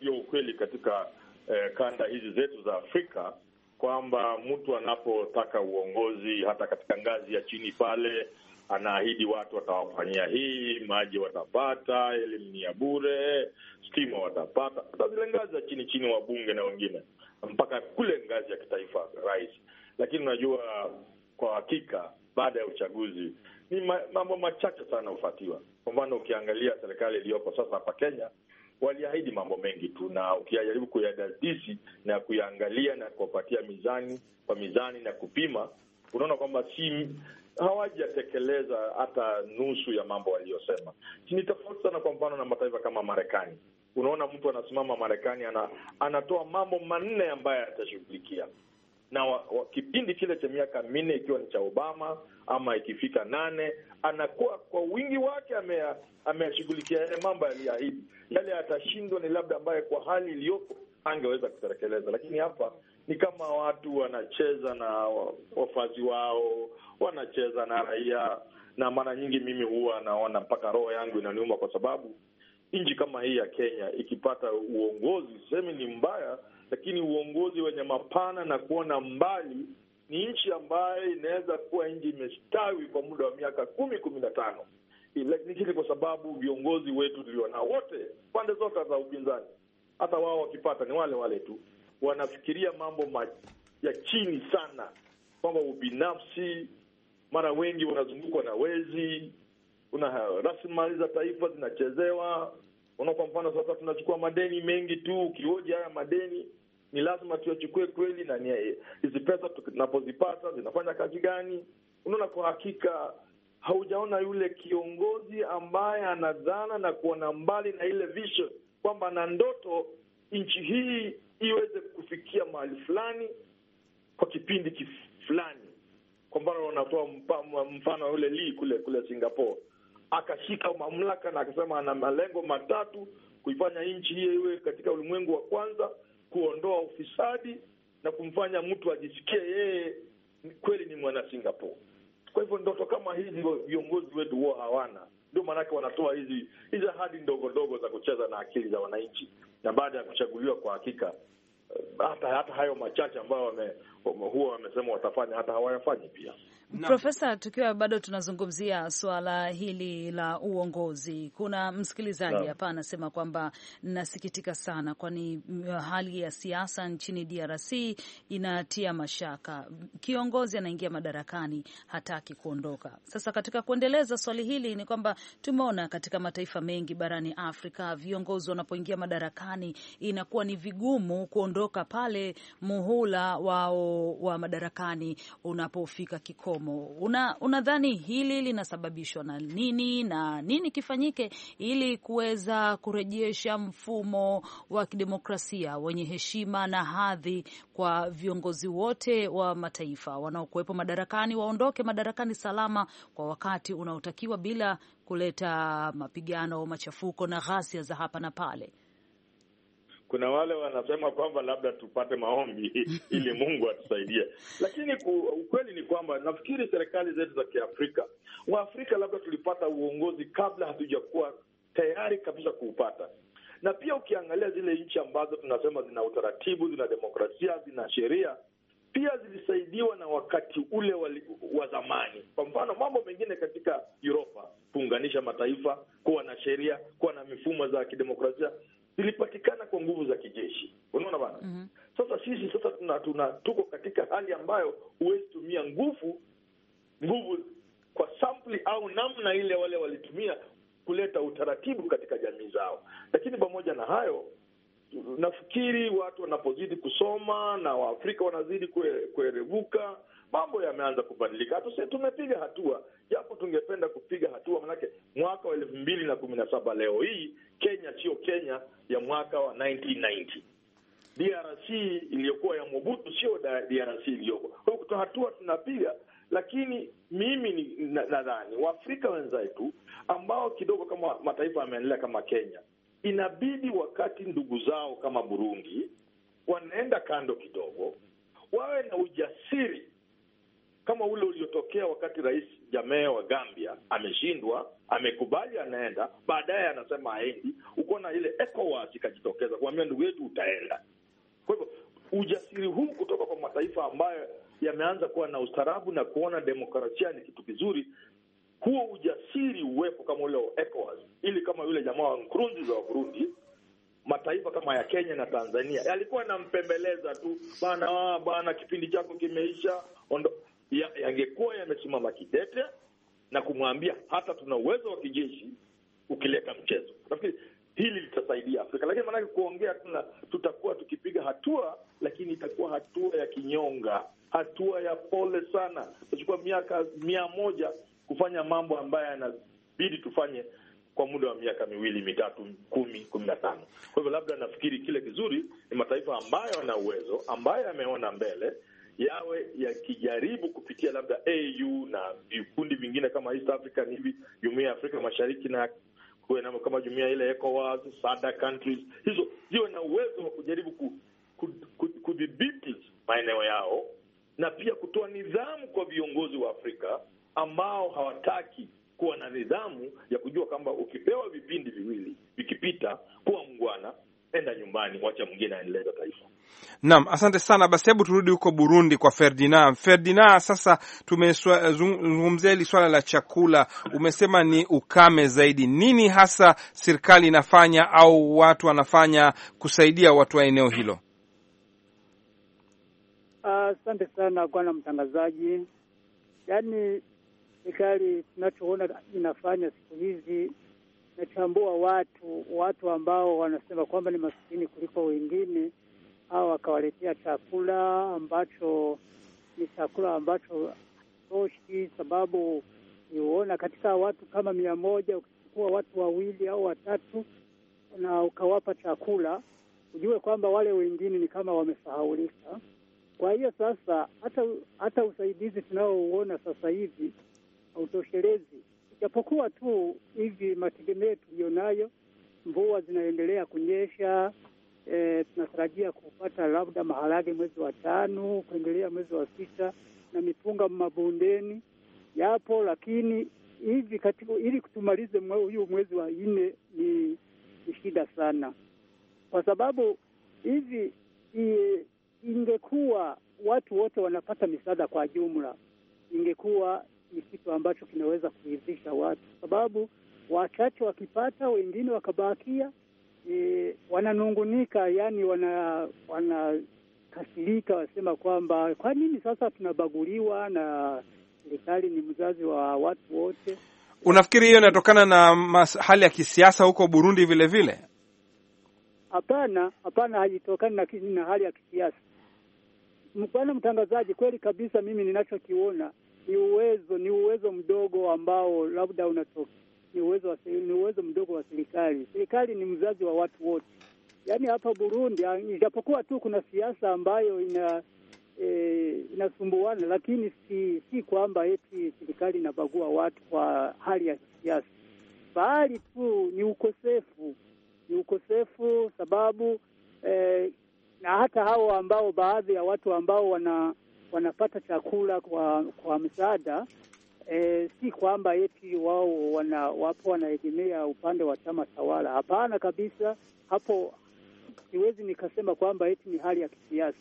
Hiyo ukweli katika eh, kanda hizi zetu za Afrika kwamba mtu anapotaka uongozi hata katika ngazi ya chini pale anaahidi watu watawafanyia hii, maji watapata, elimu ni ya bure, stima watapata, hata zile ngazi za chini chini, wabunge na wengine, mpaka kule ngazi ya kitaifa, rais. Lakini unajua kwa hakika, baada ya uchaguzi ni mambo machache sana hufuatiwa. Kwa mfano, ukiangalia serikali iliyopo sasa hapa Kenya waliahidi mambo mengi tu, na ukijaribu kuyadadisi na kuyaangalia na kuwapatia mizani kwa mizani na kupima, unaona kwamba si hawajatekeleza hata nusu ya mambo waliyosema. Ni tofauti sana, kwa mfano na mataifa kama Marekani. Unaona, mtu anasimama Marekani ana, anatoa mambo manne ambayo atashughulikia na wa, wa, kipindi kile cha miaka minne ikiwa ni cha Obama ama ikifika nane, anakuwa kwa wingi wake ameyashughulikia yale mambo yaliyoahidi. Yale atashindwa ni labda ambaye kwa hali iliyopo angeweza kutekeleza, lakini hapa ni kama watu wanacheza na wafazi wao, wanacheza na raia, na mara nyingi mimi huwa naona mpaka roho yangu inaniuma, kwa sababu nchi kama hii ya Kenya ikipata uongozi, sisemi ni mbaya, lakini uongozi wenye mapana na kuona mbali, ni nchi ambayo inaweza kuwa nchi imestawi kwa muda wa miaka kumi kumi na tano lakini kwa sababu viongozi wetu tulionao wote, pande zote za upinzani, hata wao wakipata ni wale wale tu wanafikiria mambo ma, ya chini sana, kwamba ubinafsi. Mara wengi wanazungukwa na wezi, kuna rasilimali za taifa zinachezewa. Unaona, kwa mfano sasa tunachukua madeni mengi tu, ukioja haya madeni ni lazima tuyachukue kweli, na hizi pesa tunapozipata zinafanya kazi gani? Unaona, kwa hakika haujaona yule kiongozi ambaye anadhana na kuona mbali na ile vision kwamba na ndoto nchi hii iweze kufikia mahali fulani kwa kipindi fulani. Kwa mfano, wanatoa mfano yule li kule kule Singapore akashika mamlaka na akasema ana malengo matatu: kuifanya nchi hiyo iwe katika ulimwengu wa kwanza, kuondoa ufisadi na kumfanya mtu ajisikie yeye kweli ni mwana Singapore. Kwa hivyo ndoto kama hizi viongozi wetu huwa hawana. Ndio maanake wanatoa hizi hizi ahadi ndogo ndogo za kucheza na akili za wananchi, na baada ya kuchaguliwa kwa hakika eh, hata hata hayo machache ambayo wame, huwa wamesema watafanya hata hawayafanyi pia. Profesa, tukiwa bado tunazungumzia suala hili la uongozi, kuna msikilizaji hapa na anasema kwamba nasikitika sana, kwani uh, hali ya siasa nchini DRC inatia mashaka. Kiongozi anaingia madarakani, hataki kuondoka. Sasa katika kuendeleza swali hili ni kwamba tumeona katika mataifa mengi barani Afrika viongozi wanapoingia madarakani inakuwa ni vigumu kuondoka pale muhula wao wa madarakani unapofika kikomo mgomo. Unadhani una hili linasababishwa na nini na nini kifanyike ili kuweza kurejesha mfumo wa kidemokrasia wenye heshima na hadhi kwa viongozi wote wa mataifa wanaokuwepo madarakani, waondoke madarakani salama kwa wakati unaotakiwa bila kuleta mapigano, machafuko na ghasia za hapa na pale kuna wale wanasema kwamba labda tupate maombi ili Mungu atusaidie, lakini ku, ukweli ni kwamba nafikiri serikali zetu za Kiafrika, Waafrika labda tulipata uongozi kabla hatujakuwa tayari kabisa kuupata na pia ukiangalia zile nchi ambazo tunasema zina utaratibu, zina demokrasia, zina sheria, pia zilisaidiwa na wakati ule wali, wa zamani. Kwa mfano mambo mengine katika Uropa, kuunganisha mataifa, kuwa na sheria, kuwa na mifumo za kidemokrasia, zilipatikana kwa nguvu za kijeshi. Unaona bana? mm -hmm. Sasa sisi sasa tuna, tuna tuko katika hali ambayo huwezi tumia nguvu nguvu kwa sampli au namna ile wale walitumia kuleta utaratibu katika jamii zao. Lakini pamoja na hayo, nafikiri watu wanapozidi kusoma na Waafrika wanazidi kuerevuka kue mambo yameanza kubadilika. Tumepiga hatua, japo tungependa kupiga hatua, manake mwaka wa elfu mbili na kumi na saba leo hii Kenya sio Kenya ya mwaka wa 1990. DRC iliyokuwa ya Mobutu sio DRC iliyoko. Kwa hiyo hatua tunapiga, lakini mimi nadhani Waafrika wenzetu ambao kidogo kama mataifa yameendelea kama Kenya, inabidi wakati ndugu zao kama Burundi wanaenda kando kidogo, wawe na ujasiri kama ule uliotokea wakati Rais Jamea wa Gambia ameshindwa, amekubali anaenda, baadaye anasema aendi uko na ile ECOWAS ikajitokeza kuambia ndugu yetu utaenda. Kwa hivyo ujasiri huu kutoka kwa mataifa ambayo yameanza kuwa na ustarabu na kuona demokrasia ni kitu kizuri, huo ujasiri uwepo kama ule wa ECOWAS, ili kama yule jamaa wa Nkurunziza wa Burundi mataifa kama ya Kenya na Tanzania yalikuwa yanampembeleza tu bana, ah, bana, kipindi chako kimeisha ondo yangekuwa ya yamesimama kidete na kumwambia hata tuna uwezo wa kijeshi ukileta mchezo. Nafikiri hili litasaidia Afrika, lakini maanake kuongea tuna, tutakuwa tukipiga hatua, lakini itakuwa hatua ya kinyonga, hatua ya pole sana. Tutachukua miaka mia moja kufanya mambo ambayo yanabidi tufanye kwa muda wa miaka miwili mitatu kumi kumi na tano. Kwa hivyo labda nafikiri kile kizuri ni mataifa ambayo yana uwezo, ambayo yameona mbele, yawe yakijaribu kupitia labda AU na vikundi vingine kama East African hivi, jumuia ya Afrika Mashariki na kuwe na kama jumuia ile ECOWAS, SADC countries hizo ziwe na uwezo wa kujaribu kudhibiti maeneo yao na pia kutoa nidhamu kwa viongozi wa Afrika ambao hawataki kuwa na nidhamu ya kujua kwamba ukipewa vipindi viwili vikipita, kuwa mgwana enda nyumbani, wacha mwingine aendeleza taifa. Naam, asante sana. Basi hebu turudi huko Burundi kwa Ferdinand. Ferdinand, sasa tumezungumzia hili swala la chakula, umesema ni ukame zaidi. Nini hasa serikali inafanya au watu wanafanya kusaidia watu wa eneo hilo? Asante uh, sana bwana mtangazaji. Yaani serikali tunachoona inafanya siku hizi nachambua watu watu ambao wanasema kwamba ni masikini kuliko wengine, au wakawaletea chakula ambacho ni chakula ambacho hatoshi, sababu niuona katika watu kama mia moja ukichukua watu wawili au watatu na ukawapa chakula, ujue kwamba wale wengine ni kama wamesahaulika. Kwa hiyo sasa hata hata usaidizi tunaouona sasa hivi hautoshelezi japokuwa tu hivi mategemeo tuliyonayo, mvua zinaendelea kunyesha. E, tunatarajia kupata labda maharage mwezi wa tano kuendelea mwezi wa sita na mipunga mabondeni yapo, lakini hivi katika ili kutumalize huyu mwezi wa nne ni, ni shida sana, kwa sababu hivi ingekuwa watu wote wanapata misaada kwa jumla, ingekuwa ni kitu ambacho kinaweza kuridhisha watu, sababu wachache wakipata, wengine wakabakia, e, wananungunika, yani wana wanakasirika, wasema kwamba kwa nini sasa tunabaguliwa na serikali ni mzazi wa watu wote. Unafikiri hiyo inatokana na hali ya kisiasa huko Burundi vile vile? Hapana, hapana, haitokani na, na hali ya kisiasa. Bwana mtangazaji, kweli kabisa, mimi ninachokiona ni uwezo ni uwezo mdogo ambao labda unatoka ni uwezo ni uwezo mdogo wa serikali. Serikali ni mzazi wa watu wote, yaani hapa Burundi, ah, ijapokuwa tu kuna siasa ambayo ina e, inasumbuana, lakini si si kwamba eti serikali inabagua watu kwa hali ya kisiasa, bali tu ni ukosefu ni ukosefu sababu e, na hata hao ambao baadhi ya watu ambao wana wanapata chakula kwa kwa msaada e, si kwamba eti wao wana, wapo wanaegemea upande wa chama tawala. Hapana kabisa, hapo siwezi nikasema kwamba eti ni hali ya kisiasa,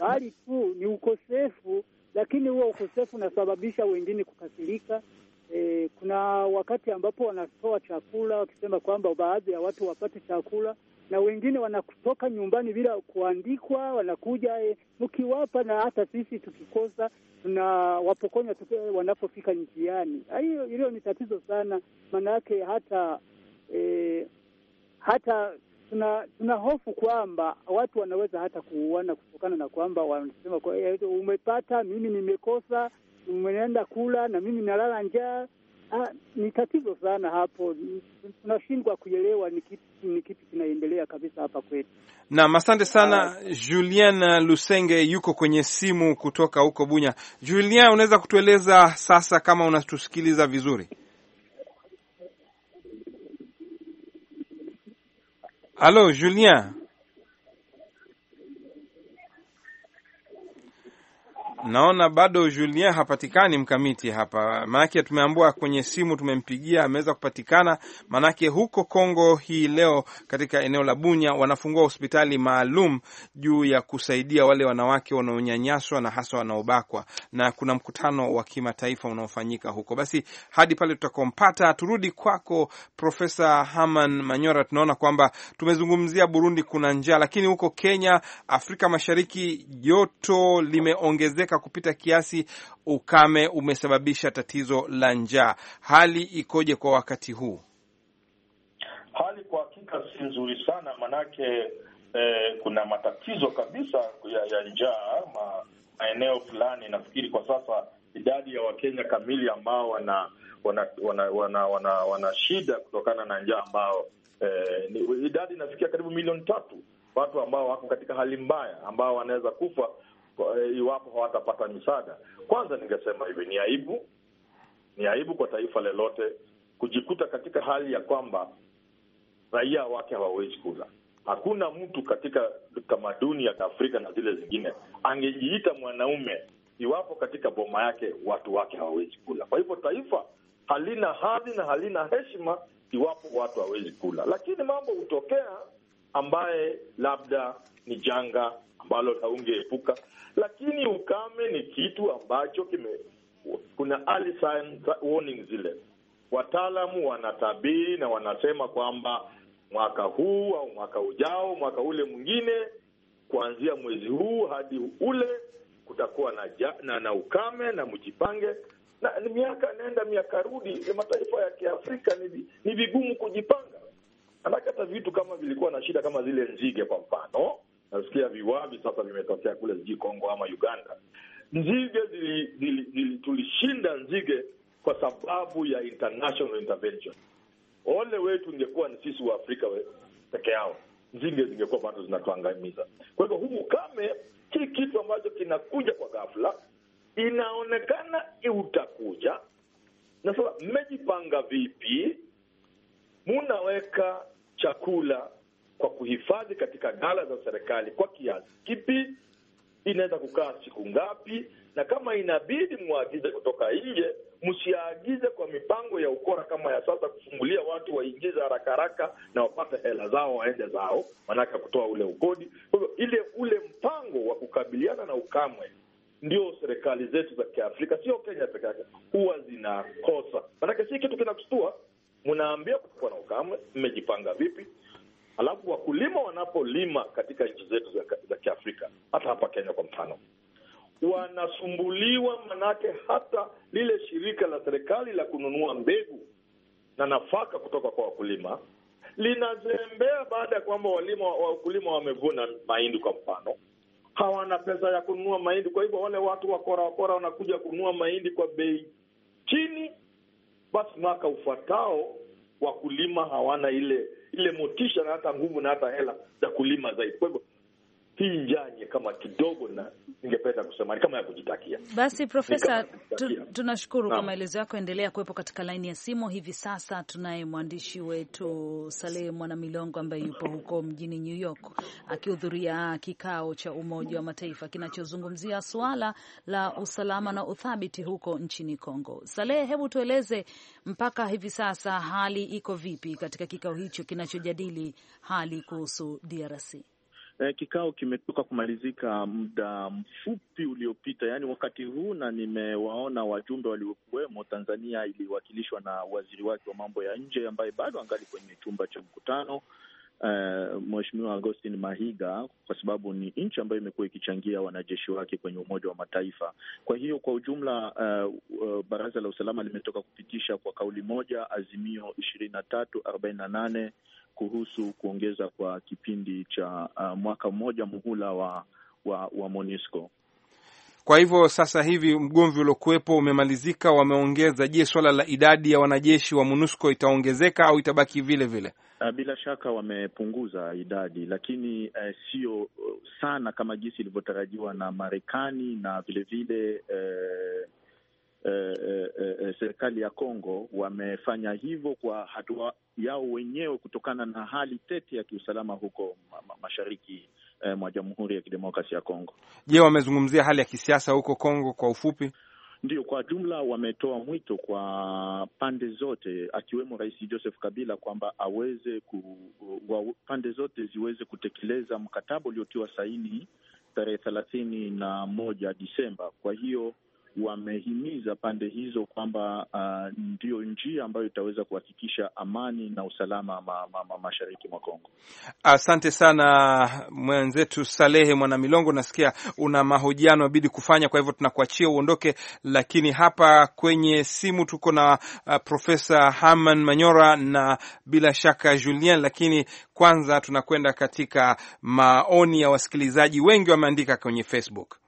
bali tu ni ukosefu, lakini huo ukosefu unasababisha wengine kukasirika. E, kuna wakati ambapo wanatoa chakula wakisema kwamba baadhi ya watu wapate chakula na wengine wanatoka nyumbani bila kuandikwa, wanakuja mkiwapa, eh, na hata sisi tukikosa wapokonya eh, wanapofika njiani. Ah, hiyo hilo ni tatizo sana, maanake hata e, hata tuna, tuna hofu kwamba watu wanaweza hata kuuana kutokana na kwamba wanasema kwa, umepata, mimi nimekosa, umeenda kula na mimi nalala njaa. Ah, ni tatizo sana hapo, tunashindwa kuelewa ni kitu ni kitu kinaendelea kabisa hapa kwetu. Naam, asante sana ah. Julien Lusenge yuko kwenye simu kutoka huko Bunya. Julien, unaweza kutueleza sasa kama unatusikiliza vizuri? Halo Julien. Naona bado Julien hapatikani mkamiti hapa, maanake tumeambua kwenye simu, tumempigia ameweza kupatikana. Maanake huko Kongo hii leo katika eneo la Bunya wanafungua hospitali maalum juu ya kusaidia wale wanawake wanaonyanyaswa na hasa wanaobakwa, na kuna mkutano wa kimataifa unaofanyika huko. Basi hadi pale tutakompata, turudi kwako Profesa Haman Manyora. Tunaona kwamba tumezungumzia Burundi kuna njaa, lakini huko Kenya, Afrika Mashariki joto limeongezeka kuongezeka kupita kiasi, ukame umesababisha tatizo la njaa. Hali ikoje kwa wakati huu? Hali kwa hakika si nzuri sana, manake eh, kuna matatizo kabisa ya, ya njaa ma, maeneo fulani. Nafikiri kwa sasa idadi ya Wakenya kamili ambao wana wana wana wana, wana, wana shida kutokana na njaa ambao eh, idadi inafikia karibu milioni tatu watu ambao wako katika hali mbaya ambao wanaweza kufa iwapo hawatapata misaada. Kwanza ningesema hivi, ni aibu, ni aibu kwa taifa lolote kujikuta katika hali ya kwamba raia wake hawawezi kula. Hakuna mtu katika tamaduni ya Afrika na zile zingine angejiita mwanaume iwapo katika boma yake watu wake hawawezi kula. Kwa hivyo taifa halina hadhi na halina heshima iwapo watu hawawezi kula, lakini mambo hutokea ambaye labda ni janga ambalo haungeepuka, lakini ukame ni kitu ambacho kime, kuna early warning zile. Wataalamu wanatabiri na wanasema kwamba mwaka huu au mwaka ujao, mwaka ule mwingine, kuanzia mwezi huu hadi ule kutakuwa na, ja, na, na ukame na mjipange na miaka naenda miaka rudi. Mataifa ya Kiafrika ni vigumu kujipanga, manake hata vitu kama vilikuwa na shida kama zile nzige kwa mfano nasikia viwavi sasa vimetokea kule, sijui Kongo ama Uganda. Nzige zili, zili, zili, tulishinda nzige kwa sababu ya international intervention. Ole wetu ingekuwa ni sisi wa Afrika peke yao, nzige zingekuwa bado zinatuangamiza. Kwa hivyo huu ukame si kitu ambacho kinakuja kwa ghafla, inaonekana utakuja. Na sasa mmejipanga vipi? Munaweka chakula kwa kuhifadhi katika ghala za serikali kwa kiasi kipi, inaweza kukaa siku ngapi, na kama inabidi mwagize kutoka nje, msiagize kwa mipango ya ukora kama ya sasa, kufungulia watu waingize haraka haraka na wapate hela zao waende zao, maanake kutoa ule ukodi. Kwa hivyo ile ule mpango wa kukabiliana na ukamwe ndio serikali zetu za Kiafrika, sio Kenya peke yake, huwa zinakosa. Maanake si kitu kinakushtua, mnaambia kutakuwa na ukame, mmejipanga vipi? Alafu wakulima wanapolima katika nchi zetu za, za Kiafrika, hata hapa Kenya kwa mfano, wanasumbuliwa manake, hata lile shirika la serikali la kununua mbegu na nafaka kutoka kwa wakulima linazembea baada ya kwamba walima wakulima wamevuna mahindi kwa mfano, hawana pesa ya kununua mahindi. Kwa hivyo wale watu wakora wakora wanakuja kununua mahindi kwa bei chini, basi mwaka ufuatao wakulima hawana ile ile motisha na hata nguvu na hata hela za kulima zaidi. Kwa hivyo hii njani kama kidogo, na ningependa kusema ni kama ya kujitakia. Basi Profesa, tunashukuru kwa maelezo yako. Endelea kuwepo katika laini ya simu. Hivi sasa tunaye mwandishi wetu Salehe Mwanamilongo ambaye yupo huko mjini New York akihudhuria kikao cha Umoja wa Mataifa kinachozungumzia suala la usalama na uthabiti huko nchini Kongo. saleh hebu tueleze mpaka hivi sasa hali iko vipi katika kikao hicho kinachojadili hali kuhusu DRC? eh, kikao kimetoka kumalizika muda mfupi uliopita, yaani wakati huu, na nimewaona wajumbe waliokuwemo. Tanzania iliwakilishwa na waziri wake wa mambo ya nje ambaye bado angali kwenye chumba cha mkutano Uh, Mheshimiwa Augustine Mahiga kwa sababu ni nchi ambayo imekuwa ikichangia wanajeshi wake kwenye Umoja wa Mataifa. Kwa hiyo kwa ujumla uh, uh, Baraza la Usalama limetoka kupitisha kwa kauli moja azimio ishirini na tatu arobaini na nane kuhusu kuongeza kwa kipindi cha uh, mwaka mmoja muhula wa, wa, wa MONUSCO. Kwa hivyo sasa hivi mgomvi uliokuwepo umemalizika, wameongeza. Je, swala la idadi ya wanajeshi wa MONUSCO itaongezeka au itabaki vile vile? Uh, bila shaka wamepunguza idadi, lakini eh, sio uh, sana kama jinsi ilivyotarajiwa na Marekani na vilevile vile, eh, Eh, eh, eh, serikali ya Kongo wamefanya hivyo kwa hatua yao wenyewe kutokana na hali tete ya kiusalama huko ma mashariki eh, mwa Jamhuri ya Kidemokrasia ya Kongo. Je, wamezungumzia hali ya kisiasa huko Kongo kwa ufupi? Ndio, kwa jumla wametoa mwito kwa pande zote akiwemo Rais Joseph Kabila kwamba aweze ku, wa, pande zote ziweze kutekeleza mkataba uliotiwa saini tarehe thelathini na moja Disemba. Kwa hiyo wamehimiza pande hizo kwamba uh, ndiyo njia ambayo itaweza kuhakikisha amani na usalama ma, ma, ma, mashariki mwa Kongo. Asante sana mwenzetu Salehe Mwanamilongo, nasikia una mahojiano abidi kufanya, kwa hivyo tunakuachia uondoke, lakini hapa kwenye simu tuko na uh, Profesa Herman Manyora na bila shaka Julien, lakini kwanza tunakwenda katika maoni ya wasikilizaji, wengi wameandika kwenye Facebook.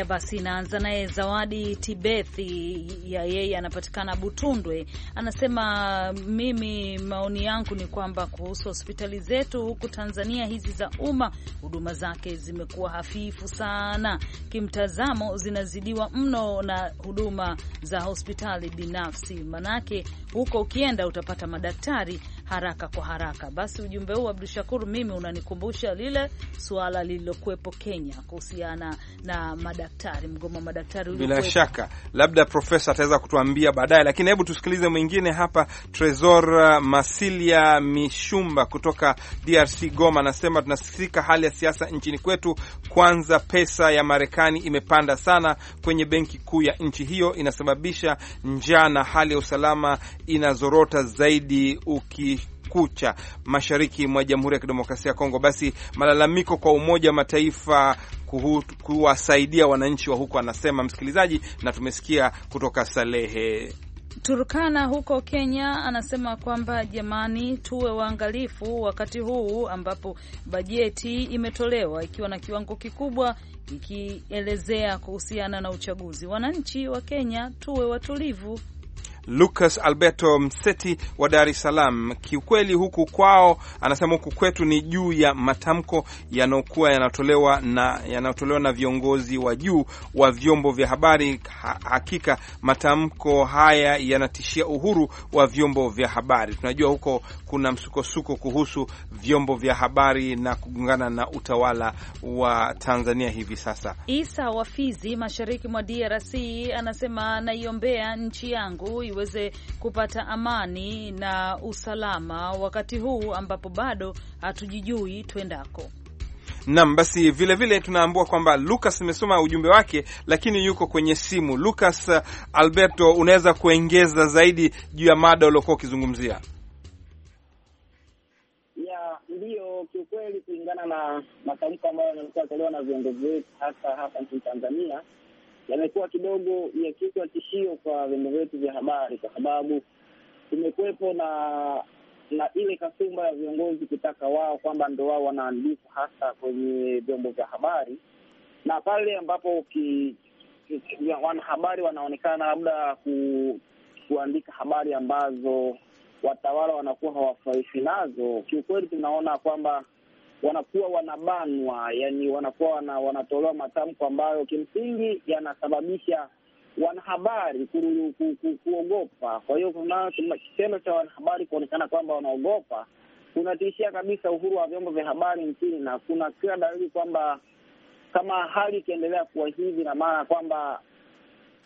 Haya basi, naanza naye Zawadi Tibethi, ya yeye anapatikana Butundwe. Anasema mimi, maoni yangu ni kwamba kuhusu hospitali zetu huku Tanzania hizi za umma, huduma zake zimekuwa hafifu sana, kimtazamo zinazidiwa mno na huduma za hospitali binafsi, manake huko ukienda utapata madaktari haraka kwa haraka. Basi ujumbe huu Abdu Shakur, mimi unanikumbusha lile suala lililokuwepo Kenya kuhusiana na madaktari, mgomo wa madaktari. Bila shaka labda profesa ataweza kutuambia baadaye, lakini hebu tusikilize mwingine hapa. Tresor uh, Masilia Mishumba kutoka DRC Goma anasema tunasikika hali ya siasa nchini kwetu. Kwanza pesa ya Marekani imepanda sana kwenye benki kuu ya nchi hiyo, inasababisha njaa na hali ya usalama inazorota zaidi uki kucha mashariki mwa Jamhuri ya Kidemokrasia ya Kongo. Basi malalamiko kwa Umoja wa Mataifa kuwasaidia wananchi wa huko, anasema msikilizaji, na tumesikia kutoka Salehe Turkana huko Kenya anasema kwamba jamani, tuwe waangalifu wakati huu ambapo bajeti imetolewa ikiwa na kiwango kikubwa ikielezea kuhusiana na uchaguzi. Wananchi wa Kenya tuwe watulivu. Lucas Alberto Mseti wa Dar es Salaam. Kiukweli huku kwao, anasema huku kwetu ni juu ya matamko yanayokuwa yanatolewa na yanayotolewa na viongozi wa juu wa vyombo vya habari. Ha, hakika matamko haya yanatishia uhuru wa vyombo vya habari. Tunajua huko kuna msukosuko kuhusu vyombo vya habari na kugongana na utawala wa Tanzania hivi sasa. Isa Wafizi, mashariki mwa DRC, anasema naiombea nchi yangu iwe iweze kupata amani na usalama wakati huu ambapo bado hatujijui twendako. Nam, basi vilevile tunaambua kwamba Lucas imesoma ujumbe wake, lakini yuko kwenye simu. Lucas uh, Alberto, unaweza kuengeza zaidi juu ya mada uliokuwa ukizungumzia? ndiyo, kiukweli kulingana na matamko ambayo yamekuwa tolewa na viongozi wetu hasa hapa nchini Tanzania yamekuwa kidogo yakiwa tishio kwa vyombo vyetu vya habari, kwa sababu kumekuwepo na na ile kasumba ya viongozi kutaka wao kwamba ndo wao wanaandika hasa kwenye vyombo vya habari, na pale ambapo wanahabari wanaonekana labda ku, kuandika habari ambazo watawala wanakuwa hawafurahishi nazo, kiukweli tunaona kwamba wanakuwa wanabanwa, yani wanakuwa wana, wanatolewa matamko ambayo kimsingi yanasababisha wanahabari kuogopa. Kwa hiyo kuna kitendo cha wanahabari kuonekana kwamba wanaogopa kunatishia kabisa uhuru wa vyombo vya habari nchini, na kuna kila dalili kwamba kama hali ikiendelea kuwa hivi, na maana kwamba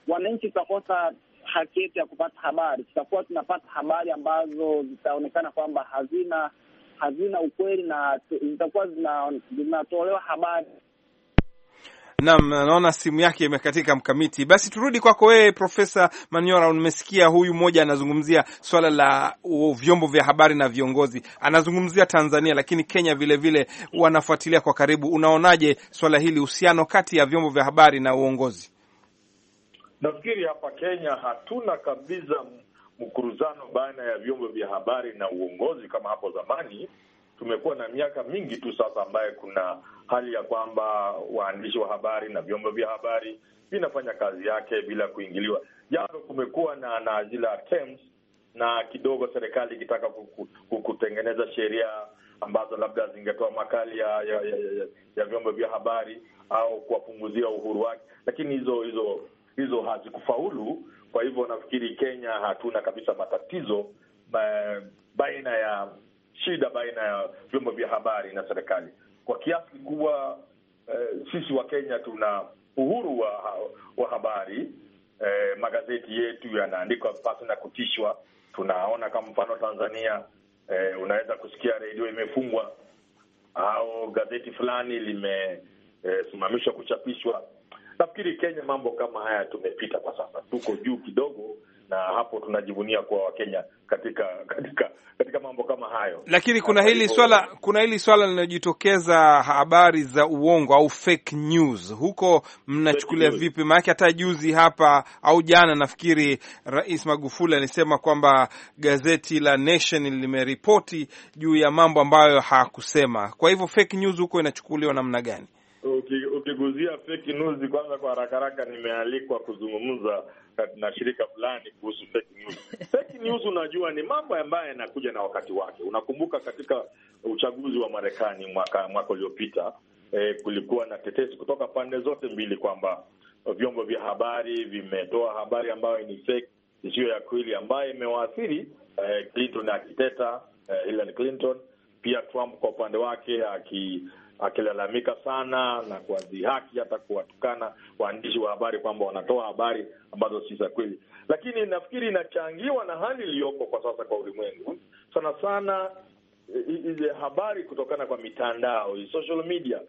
wananchi tutakosa haki yetu ya kupata habari, tutakuwa tunapata habari ambazo zitaonekana kwamba hazina hazina ukweli na zitakuwa zinatolewa habari. Naam, naona simu yake imekatika mkamiti. Basi turudi kwako wewe Profesa Manyora. Umesikia huyu mmoja anazungumzia swala la vyombo vya habari na viongozi, anazungumzia Tanzania, lakini Kenya vilevile vile wanafuatilia kwa karibu. Unaonaje swala hili, uhusiano kati ya vyombo vya habari na uongozi? Nafikiri hapa Kenya hatuna kabisa mkuruzano baina ya vyombo vya habari na uongozi kama hapo zamani. Tumekuwa na miaka mingi tu sasa ambaye kuna hali ya kwamba waandishi wa habari na vyombo vya habari vinafanya kazi yake bila kuingiliwa, japo kumekuwa na na attempts na kidogo serikali ikitaka kutengeneza sheria ambazo labda zingetoa makali ya, ya, ya, ya vyombo vya habari au kuwapunguzia uhuru wake, lakini hizo hizo hizo hazikufaulu kwa hivyo nafikiri Kenya hatuna kabisa matatizo baina ya shida baina ya vyombo vya habari na serikali kwa kiasi kikubwa. Eh, sisi wa Kenya tuna uhuru wa, wa habari eh, magazeti yetu yanaandikwa pasi na kutishwa. Tunaona kama mfano Tanzania, eh, unaweza kusikia redio imefungwa au gazeti fulani limesimamishwa eh, kuchapishwa Nafikiri Kenya mambo kama haya tumepita kwa sasa, tuko juu kidogo, na hapo tunajivunia kuwa Wakenya katika katika katika mambo kama hayo. Lakini kuna hili swala kuna hili swala linajitokeza, habari za uongo au fake news, huko mnachukulia vipi? Maanake hata juzi hapa au jana, nafikiri Rais Magufuli alisema kwamba gazeti la Nation limeripoti juu ya mambo ambayo hakusema. Kwa hivyo fake news huko inachukuliwa namna gani? Okay nimegusia fake news kwanza, kwa haraka haraka nimealikwa kuzungumza na shirika fulani kuhusu fake news. Fake news, unajua ni mambo ambayo yanakuja na wakati wake. Unakumbuka katika uchaguzi wa Marekani mwaka mwaka uliopita, eh, kulikuwa na tetesi kutoka pande zote mbili kwamba vyombo vya habari vimetoa habari ambayo ni fake, isiyo ya kweli, ambayo imewaathiri eh, Clinton akiteta eh, Hillary Clinton, pia Trump kwa upande wake aki akilalamika sana na dhihaki hata kuwatukana waandishi wa habari kwamba wanatoa habari ambazo si za kweli. Lakini nafikiri inachangiwa na hali iliyoko kwa sasa kwa ulimwengu, sana sana ile habari kutokana kwa mitandao, social media.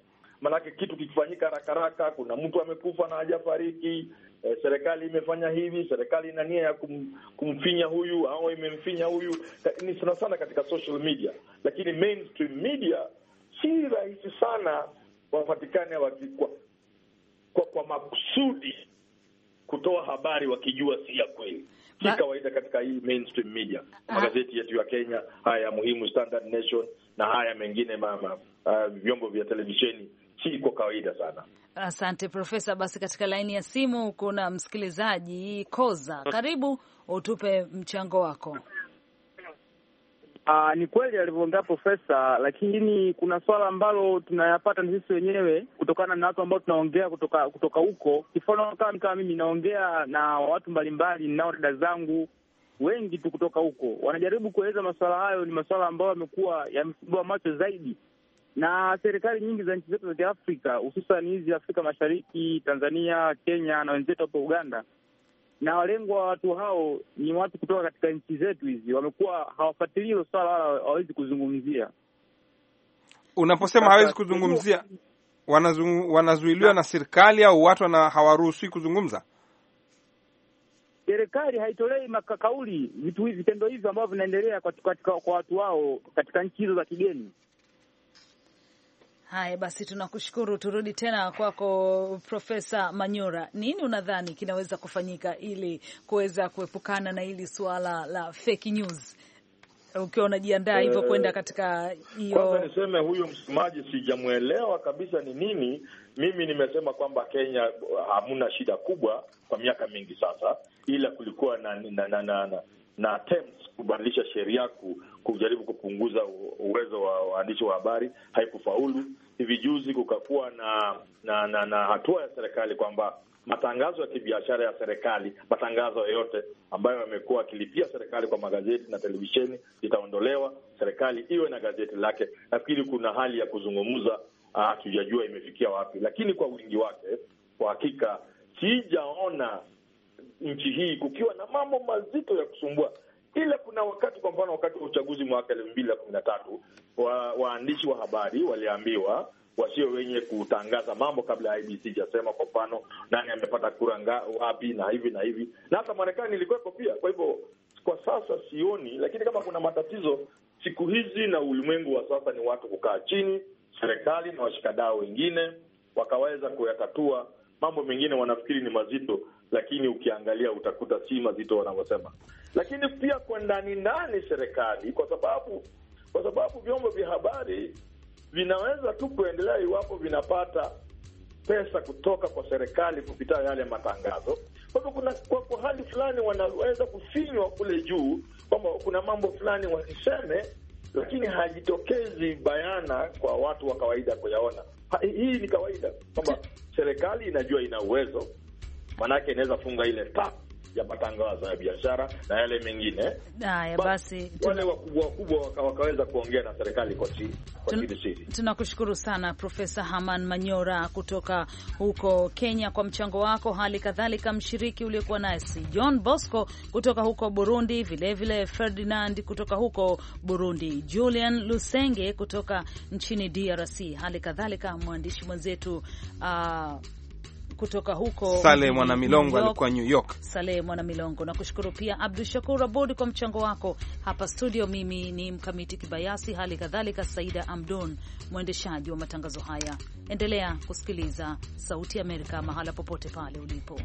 Maanake kitu kikifanyika haraka haraka, kuna mtu amekufa na hajafariki, e, serikali imefanya hivi, serikali ina nia ya kum, kumfinya huyu au imemfinya huyu, ni sana sana katika social media. Lakini mainstream media si rahisi sana wapatikane wakikwa, kwa, kwa makusudi kutoa habari wakijua si ya kweli. Si kawaida katika hii mainstream media, ah. magazeti yetu ya Kenya haya muhimu, Standard Nation na haya mengine mama, uh, vyombo vya televisheni si kwa kawaida sana. Asante Profesa. Basi katika laini ya simu kuna msikilizaji Koza, karibu utupe mchango wako. Aa, ah, ni kweli alivyoongea profesa, lakini kuna swala ambalo tunayapata na sisi wenyewe kutokana na watu ambao tunaongea kutoka kutoka huko. Kifano kama kama mimi naongea na watu mbalimbali, ninao dada zangu wengi tu kutoka huko, wanajaribu kueleza masuala hayo. Ni masuala ambayo yamekuwa yamefungua macho zaidi na serikali nyingi za nchi zetu za Kiafrika, hususan hizi Afrika Mashariki, Tanzania, Kenya na wenzetu hapo Uganda na walengwa wa watu hao ni watu kutoka katika nchi zetu hizi, wamekuwa hawafuatilii hilo swala wala hawawezi kuzungumzia. Unaposema hawezi kuzungumzia, wanazuiliwa na serikali au watu hawaruhusiwi kuzungumza? Serikali haitolei makakauli vitu hivi vitendo hivyo ambavyo vinaendelea kwa watu wao katika nchi hizo za kigeni. Haya basi, tunakushukuru. Turudi tena kwako Profesa Manyora, nini unadhani kinaweza kufanyika ili kuweza kuepukana na hili suala la fake news ukiwa unajiandaa hivyo eh, kwenda katika hiyo. Kwanza niseme huyu msemaji sijamwelewa kabisa ni nini. Mimi nimesema kwamba Kenya eh, hamuna shida kubwa kwa miaka mingi sasa, ila kulikuwa na, na, na, na, na, na kubadilisha sheria kujaribu kupunguza uwezo wa waandishi wa habari haikufaulu. Hivi juzi kukakuwa na na, na na hatua ya serikali kwamba matangazo ya kibiashara ya serikali, matangazo yoyote ambayo yamekuwa akilipia serikali kwa magazeti na televisheni itaondolewa, serikali iwe na gazeti lake. Nafikiri kuna hali ya kuzungumza, ah, hatujajua imefikia wapi, lakini kwa wingi wake, kwa hakika sijaona nchi hii kukiwa na mambo mazito ya kusumbua, ila kuna wakati, kwa mfano wakati wa uchaguzi mwaka elfu mbili na kumi na tatu wa, waandishi wa habari waliambiwa wasio wenye kutangaza mambo kabla ya IBC ijasema, kwa mfano nani amepata kura wapi na hivi na hivi, na hata Marekani ilikuwepo pia. Kwa hivyo kwa sasa sioni, lakini kama kuna matatizo siku hizi na ulimwengu wa sasa ni watu kukaa chini, serikali na washikadau wengine wakaweza kuyatatua mambo mengine wanafikiri ni mazito, lakini ukiangalia utakuta si mazito wanavyosema. Lakini pia kwa ndani ndani serikali, kwa sababu kwa sababu vyombo vya habari vinaweza tu kuendelea iwapo vinapata pesa kutoka kwa serikali kupitia yale matangazo. Kwa hivyo kuna kwa, kwa hali fulani wanaweza kufinywa kule juu kwamba kuna mambo fulani wasiseme, lakini hajitokezi bayana kwa watu wa kawaida kuyaona hii ni kawaida kwamba serikali inajua ina uwezo, maanake inaweza funga ile pa ya matangazo ya biashara na yale mengine. Haya basi, wale wakubwa wakubwa wakaweza kuongea na serikali kwa chini Tunakushukuru sana Profesa Haman Manyora kutoka huko Kenya kwa mchango wako, hali kadhalika mshiriki uliokuwa nasi John Bosco kutoka huko Burundi, vilevile Ferdinand kutoka huko Burundi, Julian Lusenge kutoka nchini DRC, hali kadhalika mwandishi mwenzetu uh, kutoka huko Sale Mwana Milongo alikuwa New York. Sale Mwana Milongo, nakushukuru pia Abdu Shakur Abud kwa mchango wako hapa studio. Mimi ni Mkamiti Kibayasi, hali kadhalika Saida Amdun, mwendeshaji wa matangazo haya. Endelea kusikiliza Sauti ya Amerika mahala popote pale ulipo.